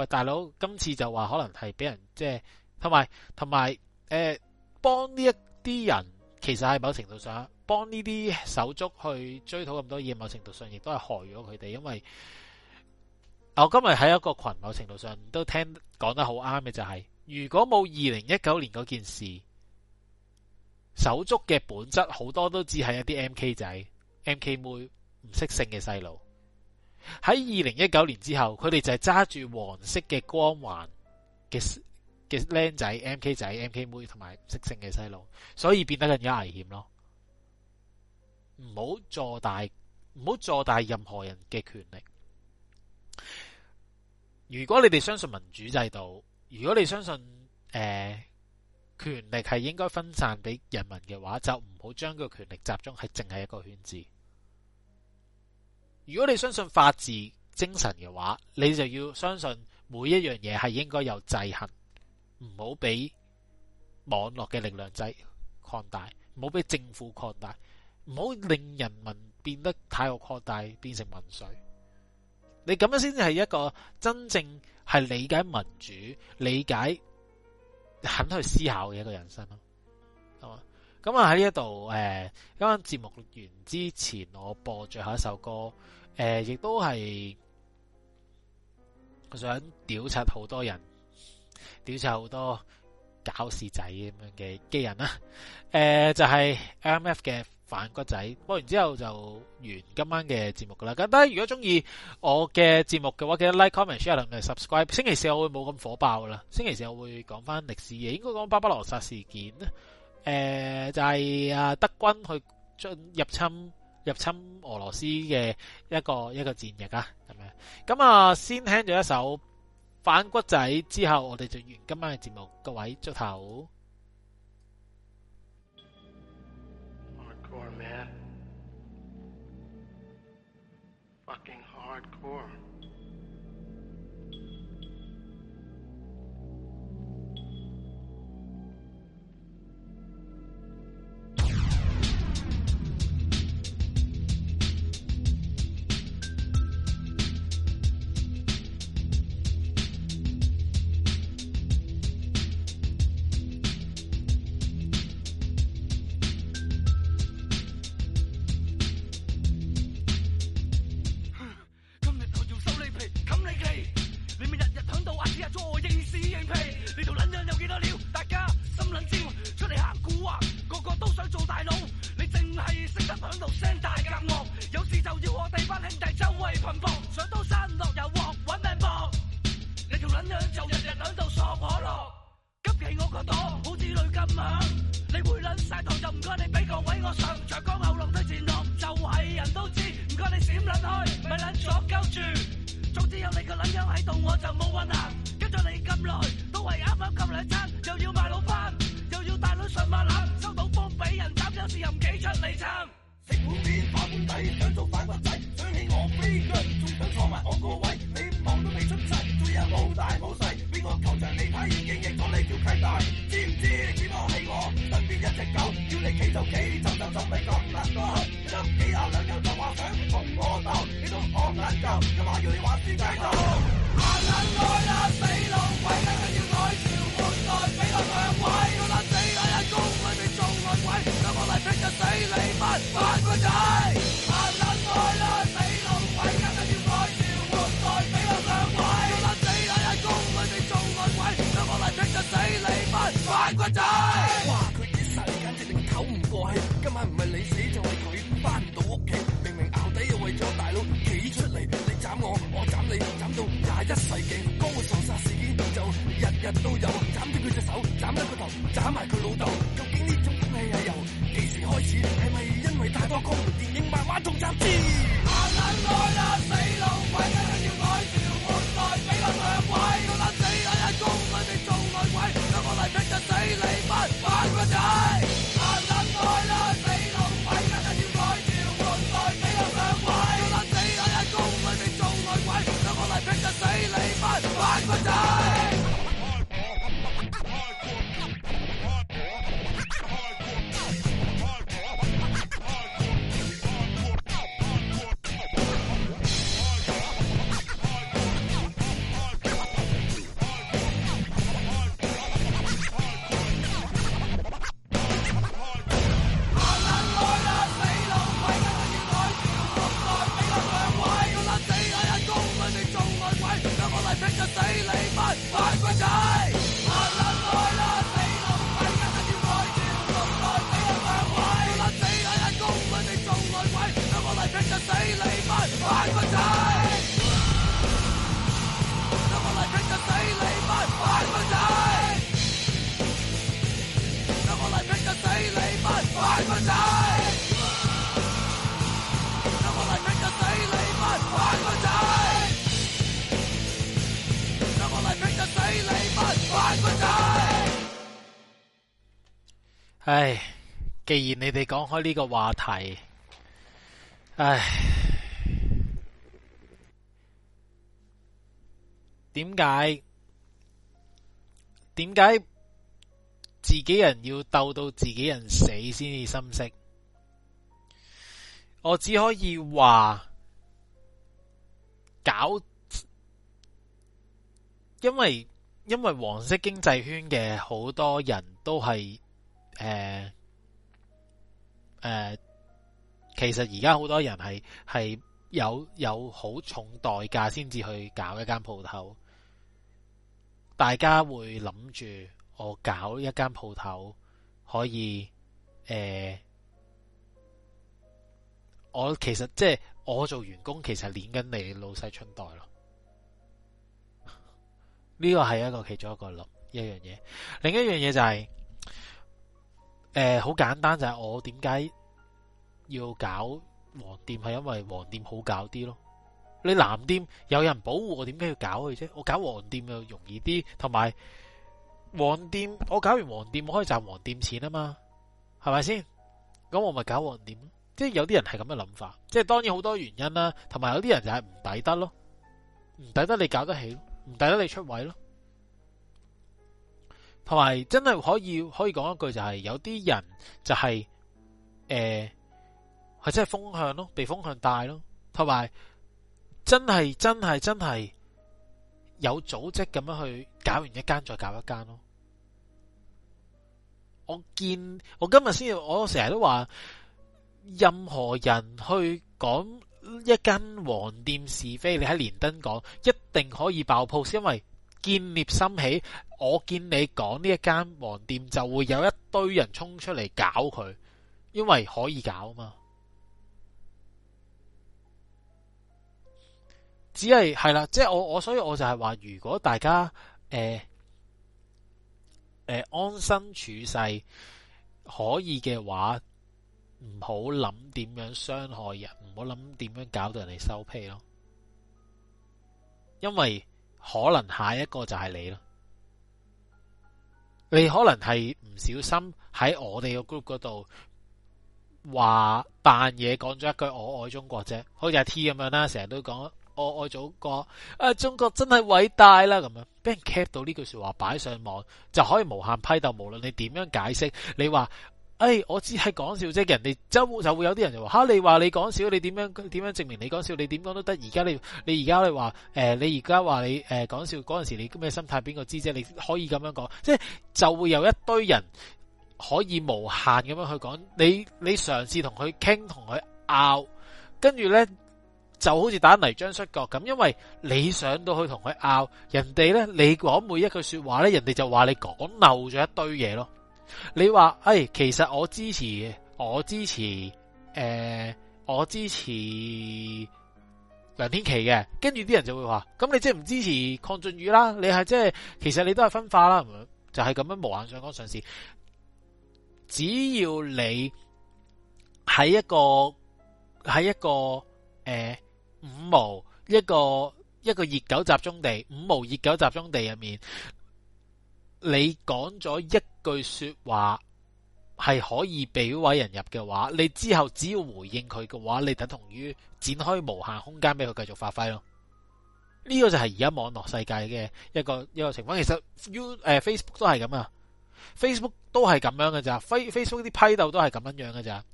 喂，大佬，今次就話可能係俾人即係，同埋同埋，誒，幫呢一啲人，其實喺某程度上幫呢啲手足去追討咁多嘢，某程度上亦都係害咗佢哋。因為我今日喺一個群，某程度上都聽講得好啱嘅，就係如果冇二零一九年嗰件事，手足嘅本質好多都只係一啲 MK 仔、MK 妹唔識性嘅細路。喺二零一九年之後，佢哋就係揸住黃色嘅光環嘅嘅僆仔、MK 仔、MK 妹同埋色性嘅細路，所以變得更加危險咯。唔好坐大，唔好坐大任何人嘅權力。如果你哋相信民主制度，如果你相信誒、呃、權力係應該分散俾人民嘅話，就唔好將個權力集中喺淨係一個圈子。如果你相信法治精神嘅話，你就要相信每一樣嘢係應該有制衡，唔好俾網絡嘅力量制擴大，唔好俾政府擴大，唔好令人民變得太過擴大，變成民粹。你咁樣先至係一個真正係理解民主、理解肯去思考嘅一個人生咯。哦、嗯，咁啊喺呢一度誒，今晚節目錄完之前，我播最後一首歌。誒、呃，亦都係，我想屌柒好多人，屌柒好多搞事仔咁樣嘅機人啦、啊。誒、呃，就係、是、M.F. 嘅反骨仔。播完之後就完今晚嘅節目噶啦。咁大家如果中意我嘅節目嘅話，記得 like、comment、share 同埋 subscribe。星期四我會冇咁火爆噶啦。星期四我會講翻歷史嘢，應該講巴巴羅薩事件。誒、呃，就係、是、啊德軍去進入侵入侵俄羅斯嘅一個一個戰役啊，咁樣咁啊，先聽咗一首反骨仔之後，我哋就完今晚嘅節目，各位早唞。Hardcore, man. 既然你哋講開呢個話題，唉，點解點解自己人要鬥到自己人死先至心息？我只可以話搞，因為因為黃色經濟圈嘅好多人都係誒。呃誒、呃，其實而家好多人係係有有好重代價先至去搞一間鋪頭。大家會諗住我搞一間鋪頭可以誒、呃，我其實即係我做員工，其實捻緊你老細春代，咯，呢個係一個其中一個咯，一樣嘢，另一樣嘢就係、是。誒、呃，好簡單就係、是、我點解要搞黃店係因為黃店好搞啲咯，你藍店有人保護，我點解要搞佢啫？我搞黃店又容易啲，同埋黃店我搞完黃店我可以賺黃店錢啊嘛，係咪先？咁我咪搞黃店咯，即係有啲人係咁嘅諗法，即係當然好多原因啦、啊，同埋有啲人就係唔抵得咯，唔抵得你搞得起，唔抵得你出位咯。同埋真係可以可以講一句就係、是、有啲人就係、是、誒，或者係風向咯，被風向帶咯，同埋真係真係真係有組織咁樣去搞完一間再搞一間咯。我見我今日先要，我成日都話任何人去講一間黃店是非，你喺連登講一定可以爆鋪，因為見獵心起。我見你講呢一間黃店，就會有一堆人衝出嚟搞佢，因為可以搞嘛。只係係啦，即係、就是、我我所以我就係話，如果大家誒、呃呃、安身處世可以嘅話，唔好諗點樣傷害人，唔好諗點樣搞到人哋收屁咯。因為可能下一個就係你咯。你可能係唔小心喺我哋個 group 嗰度話扮嘢，講咗一句我愛中國啫，好似阿 T 咁樣啦，成日都講我愛祖國，啊中國真係偉大啦咁樣，俾人 cap 到呢句說話擺上網，就可以無限批鬥，無論你點樣解釋，你話。誒、哎,我只係講笑啫，人哋周就，就會有啲人就話，吓、啊、你話你講笑，你點樣點樣證明你講笑？你點講都得。而家你你而家你話，誒，你而家話你誒講笑嗰陣時，你咩、呃、心態？邊個知啫？你可以咁樣講，即係就會有一堆人可以無限咁樣去講。你你嘗試同佢傾，同佢拗，跟住呢就好似打泥漿摔角咁。因為你想到去同佢拗，人哋呢，你講每一句說話呢，人哋就話你講漏咗一堆嘢咯。你話誒、哎，其實我支持，我支持，誒、呃，我支持梁天琦嘅。跟住啲人就會話，咁你即係唔支持鄺俊宇啦？你係即係其實你都係分化啦，就係、是、咁樣無限上綱上事。只要你喺一個喺一個誒、呃、五毛一個一個熱狗集中地五毛熱狗集中地入面，你講咗一句說話係可以俾位人入嘅話，你之後只要回應佢嘅話，你等同於展開無限空間俾佢繼續發揮咯。呢個就係而家網絡世界嘅一個一個情況。其實 U 誒 Facebook 都係咁啊，Facebook 都係咁樣嘅咋？Face Facebook 啲批鬥都係咁樣樣嘅咋？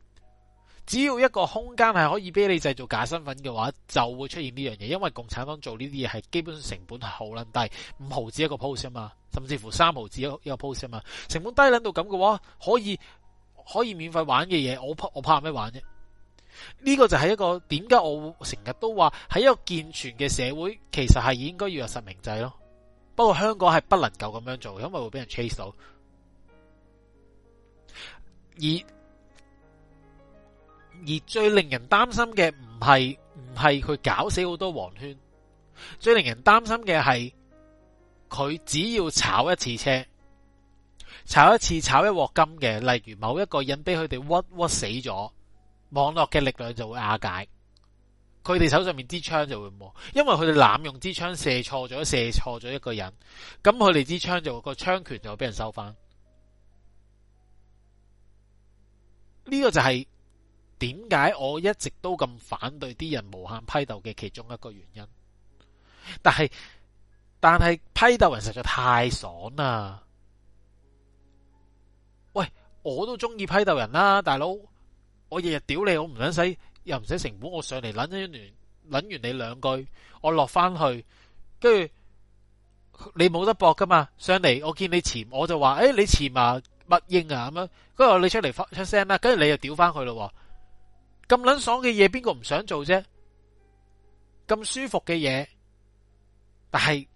只要一個空間係可以俾你製造假身份嘅話，就會出現呢樣嘢。因為共產黨做呢啲嘢係基本上成本係好撚低，五毫子一個 post 啊嘛，甚至乎三毫子一個 post 啊嘛，成本低撚到咁嘅話，可以可以免費玩嘅嘢，我怕我怕咩玩啫？呢個就係一個點解我成日都話喺一個健全嘅社會，其實係應該要有實名制咯。不過香港係不能夠咁樣做，因為會俾人 chase 到。而而最令人擔心嘅唔係唔係佢搞死好多黃圈，最令人擔心嘅係佢只要炒一次車，炒一次炒一鑊金嘅，例如某一個人俾佢哋屈屈死咗，網絡嘅力量就會瓦解，佢哋手上面支槍就會冇，因為佢哋濫用支槍射錯咗，射錯咗一個人，咁佢哋支槍就個槍權就會俾人收翻，呢個就係。點解我一直都咁反對啲人無限批鬥嘅其中一個原因，但係但係批鬥人實在太爽啦、啊。喂，我都中意批鬥人啦、啊，大佬。我日日屌你，我唔想使，又唔使成本，我上嚟捻一捻完你兩句，我落翻去，跟住你冇得搏噶嘛。上嚟我見你潛，我就話誒、哎、你潛啊乜應啊咁樣，跟住你出嚟出聲啦，跟住你又屌翻佢咯。咁捻爽嘅嘢，邊個唔想做啫？咁舒服嘅嘢，但係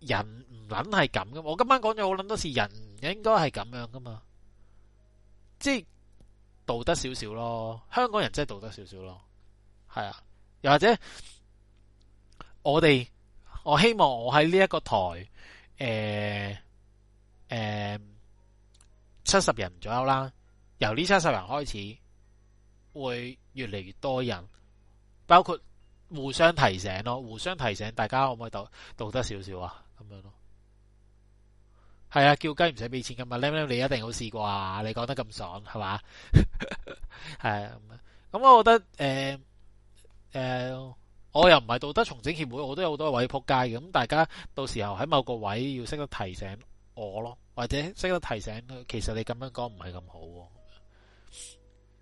人唔捻係咁噶。我今晚講咗好捻多次，人應該係咁樣噶嘛？即係道德少少咯。香港人真係道德少少咯。係啊，又或者我哋，我希望我喺呢一個台，誒誒七十人左右啦，由呢七十人開始。會越嚟，越多人，包括互相提醒咯，互相提醒大家可唔可以道道德少少啊？咁樣咯，係啊，叫雞唔使俾錢噶嘛你一定好試過啊？你講得咁爽係嘛？係 *laughs* 啊，咁，咁、嗯、我覺得誒誒、呃呃，我又唔係道德重整協會，我都有好多位仆街嘅。咁大家到時候喺某個位要識得提醒我咯，或者識得提醒，其實你咁樣講唔係咁好啊。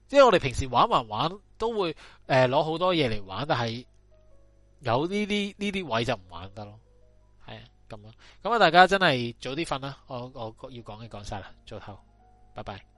即係我哋平時玩玩玩都會誒攞好多嘢嚟玩，但係有呢啲呢啲位就唔玩得咯。係啊，咁啊，咁啊，大家真係早啲瞓啦。我我要講嘅講晒啦，早唞，拜拜。